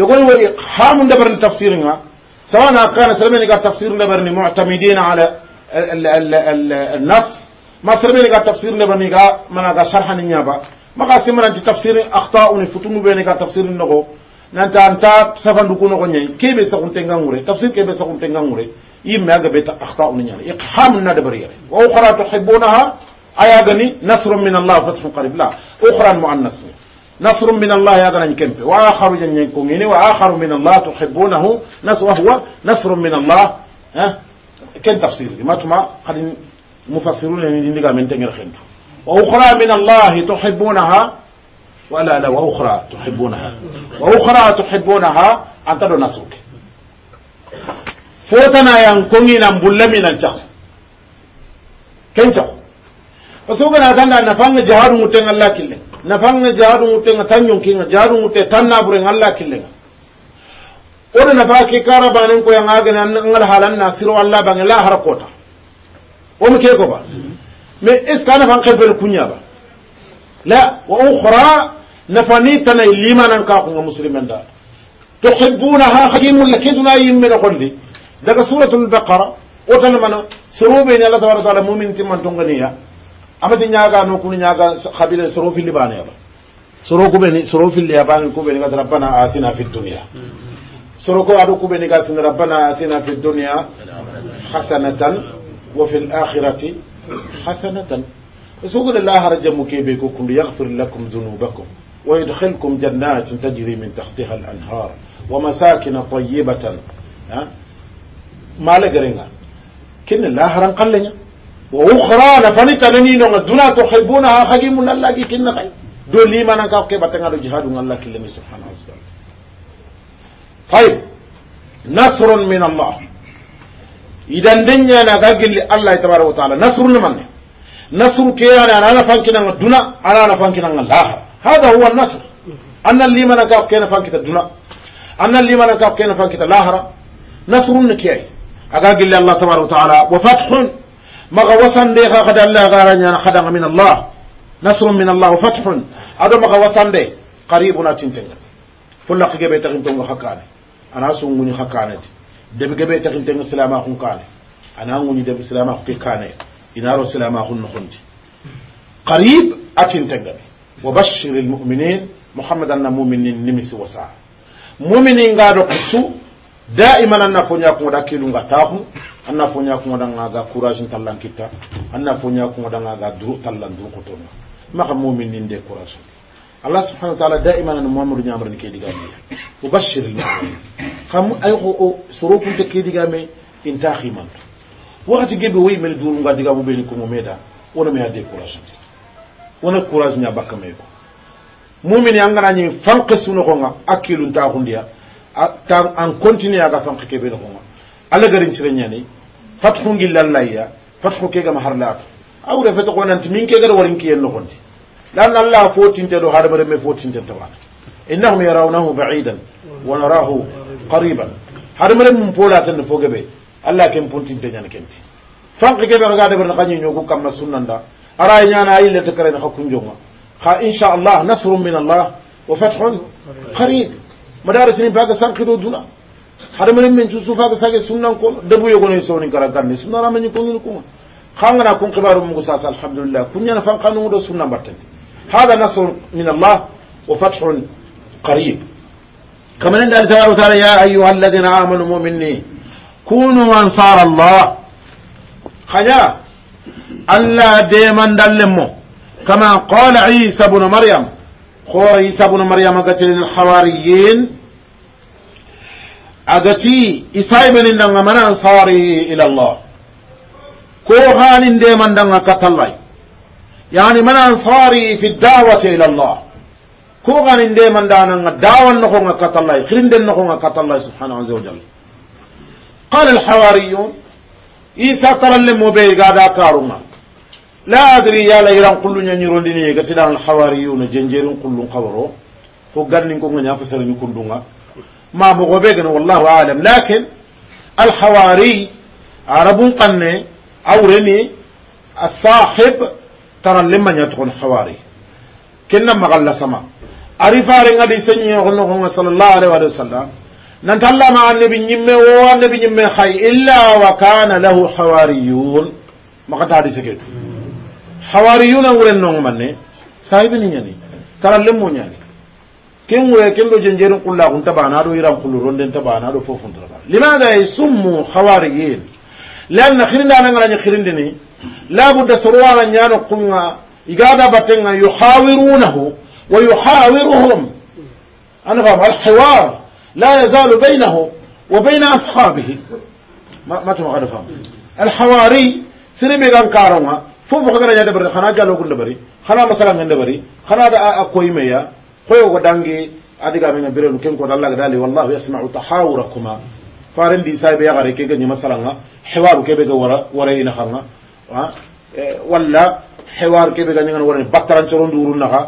يقول ولي حام دبر تفسيرنا سواء كان سلمين قال تفسير دبر معتمدين على ال ال ال النص ما سلمين قال تفسير دبر قال من قال شرح النيابة ما قال سمنا أنت تفسير أخطاء ونفتون بين قال تفسير النغو نانتا أنت سفن دكون غني كيف يسقون تنغوري تفسير كيف يسقون تنغوري يم يا جبت أخطاء ونيابة إقحام ندبر يعني وأخرى تحبونها أيا غني نصر من الله فتح قريب لا أخرى مؤنث نصر من الله هذا كمبي وآخر ينكم وآخر من الله تحبونه نصر وهو نصر من الله ها كن تفسير ما تما قد مفسرون يندقى من تنجر خندو وأخرى من الله تحبونها ولا لا وأخرى تحبونها وأخرى تحبونها أنت نصرك فوتنا ينكمي نمبل من الجهل كن تخو فسوقنا تنا نفان جهاد متن الله كله nafanga jarungutenga tan yonkinga jarungutte tan naburenga allah o na nafa ke karabanen koyanga agene ngal halan na siro allah bange la harqota kota mu ke ko ba mais est ce que a nafan kunya ba. la wa uxra nafani tanay limanan ko muslimen da ha hakimulla lakiduna yimmina qulli daga suratul baqara otanmana ni allah tabaraka taala mumin ya. amati ñagano kunu ñaga habila soro filli baneyaba soro kuɓeni soro filli a bani kuɓeni gati rabbana atina fi dunia soro ko aɗo kuɓeni gatin rabbana atina fi dunia hasanatan wa fi l akhirati hasanatan sugude lahara jammu keɓe ko kundu yahfir lakum dunubakum wa yudhilkum jannatin tajri min tahtiha al anhar wa masakina tayibatan malagerenga kenne laharan kalleña واخرى لفنت لنين دون تحبونها خجيم الله كي كنا قاي دو لي ما نكاو كي باتنا جهاد الله كلمه سبحان الله طيب نصر من الله اذا دنيا نغاغل الله تبارك وتعالى نصر لمن نصر كي انا انا فانكنا دون انا انا فانكنا الله هذا هو النصر ان اللي ما نكاو كي فانكتا دون ان اللي ما نكاو كي فانكتا الله نصر نكاي اغاغل الله تبارك وتعالى وفتح maga wasande ka kada allah gara nyana kada min allah nasrun min allah fathun ado maga wasande qaribun atintenga fulla kigebe takin tonga hakane ana sunguni hakane ti debi gebe takin tenga salama kun kane ana nguni debi salama kun kane inaro salama kun nukunti qarib atintenga wa bashir al mu'minin muhammad anna mu'minin nimisi wasa mu'minin ga do kusu da'iman anna kunya kun da kilunga tahu anna fonya kuma danga ga courage tallan kitta anna fonya kuma danga ga duru tallan duru ko ma maka mu'minin de courage Allah subhanahu wa ta'ala da'iman an mu'amru nyamran ke diga me ubashshir al mu'min kham ay ko surukun te ke diga me inta khiman waqti gebe way mel duru ga diga mu be ni ko meda wona me ade courage wona courage nya bakka me ko mu'min yangana ni fanq sunu ko nga akilun ta hundiya an continue ga fanq ke be ko nga alla garin ci ne فتح جل الله فتح كيغا مهر لاك او رفتق وان انت مين كيغا ورين كي لان الله فوتين تدو هذا برم فوتين تدو انهم يرونه بعيدا ونراه قريبا هذا برم فولات نفوغي بي الله كم فوتين تدو نكي انت فانق كيغا غادي برن قاني نيوكو كما سنن دا اراي نانا اي لتكرين خاكم جوما خا ان شاء الله نصر من الله وفتح قريب مدارس نباقى سنقدو دونه hada men men cusu faga sage sunnan ko debu yogone soni karakanni sunna ramen ni kongin kuma khangana kun kibaru mungu sasa alhamdulillah kunya na fanka nungu do sunna batten hada nasr min allah wa fathun qarib كما عند الله تعالى يا أيها الذين آمنوا مؤمنين كونوا أنصار الله خجا ألا ديما دلمه كما قال عيسى بن مريم خور عيسى بن مريم قتل الحواريين agati isayimenindanga man ansarihi ila llah ko hanindemandanga katallay yani man ansarihi fi dawati ila llah ko hanindemandananga dawan nohonga katallay hirinden nohonga katallay subhanahu aza wa jalla qala alhawariyun isa taralle moɓey gada karunga la adri yala iran qulluñañirondini gatidan alhawariyuna jenjerin qullun kawaro fo garnin kongaña fo serani kundunga ما مغبقن والله عالم لكن الحواري عربون قنة عورني الصاحب ترى لمن يدخل حواري كنا مغلى سما أريفارين أدي سنية غنوه صلى الله عليه وسلم نتلا مع النبي نمي والنبي نمي خي إلا وكان له حواريون ما قد هذه سكت حواريون أولن نوم مني صاحب نيني ترى لمن يعني ken we ken do jenjerin kulla kun tabana do iran kullu ronden tabana do fofun tabana limaga yasummu khawariyin lanna khirinda nan ngana khirindini la budda sarwana nyano kunga igada batenga yuhawirunahu wa yuhawiruhum ana faham alhiwar la yazalu bainahu wa bain ashabihi ma ma tuma kada faham alhawari sirbe gan karonga fofu kagana nyade bari khana jalo kullu bari khana masala ngende bari khana da akoymeya foyo ko dange adiga mena birenu ken kono allah ga dali wallahu yasmau tahawurakuma farendi saybe yagare ke gañi masalanga hewaru keɓe ga wara wara ina harna a e, walla hewaru keɓe gañigana warani battarancorondurunnaha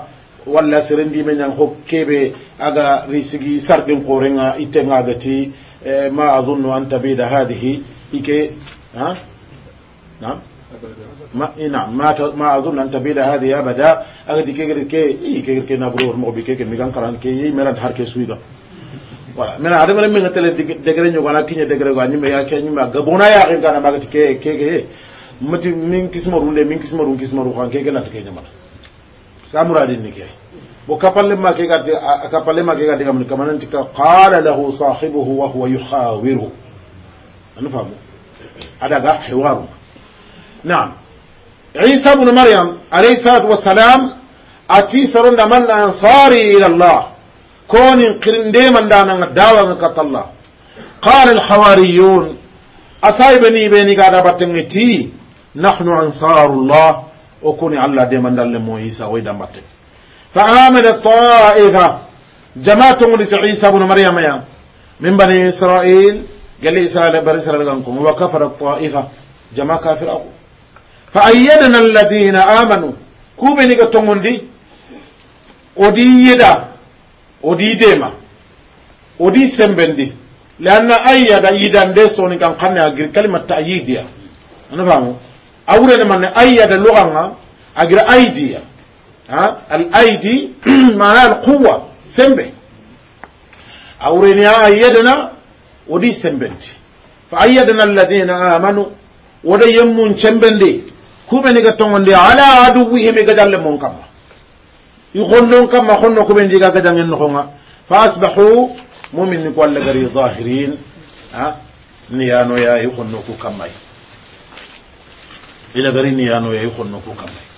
walla serendi meñang ho keɓe aga risigi sarɗin korenga ittenga gati e, ma adunnu an tabida hadihi ike a nam ما نعم ما ما اظن ان تبيد هذه ابدا اغدي كيغري كي اي كيغري كي نابرو مو بي كيغري ميغان قران كي ميران هار سويغا wala mena adama min ngatele degre nyu gana kinya degre gani me ya kenyu ma gabona ya kin kana magati ke ke ke mati min kisma runde min kisma run kisma ru kan ke ke na ke nyama samura din ni ke bo kapalle ma ke gati kapalle ma ke gati kam kamanan tika qala lahu sahibuhu wa huwa yuhawiru anu famu ada ga hiwaru نعم عيسى بن مريم عليه الصلاة والسلام أتي سرون من أنصاري إلى الله كون قرن ديما دانا دعوة قط الله قال الحواريون أصايبني بيني قادة بتنغتي نحن أنصار الله وكوني على ديما دانا عيسى ويدا بتن فآمن الطائفة جماعة عيسى بن مريم يا من بني إسرائيل قال لي إسرائيل برسل لكم وكفر الطائفة جماعة كافر أقول فأيدنا الذين آمنوا كوبني كتمندي ودي يدا ودي ديما ودي سمبندي لأن أيد يدان دي سوني كان قرنا أجر كلمة تأييد يا أنا فاهم فاهمه أولا من أيد اللغة أجر أيدي ها الأيدي معناها القوة سمبي أوريني أيدنا ودي سمبندي فأيدنا الذين آمنوا ودي يمون سمبندي ni ga togondi ala adu bu aduwihimi gadanle mon kamma i honnon kamma honno kuɓeni ndiga gadangen nogonga fa asbahu mumin ni ko allah gari zahirin a niyanoya i honno ku kammay ila gari niyanoya i honno ku kammay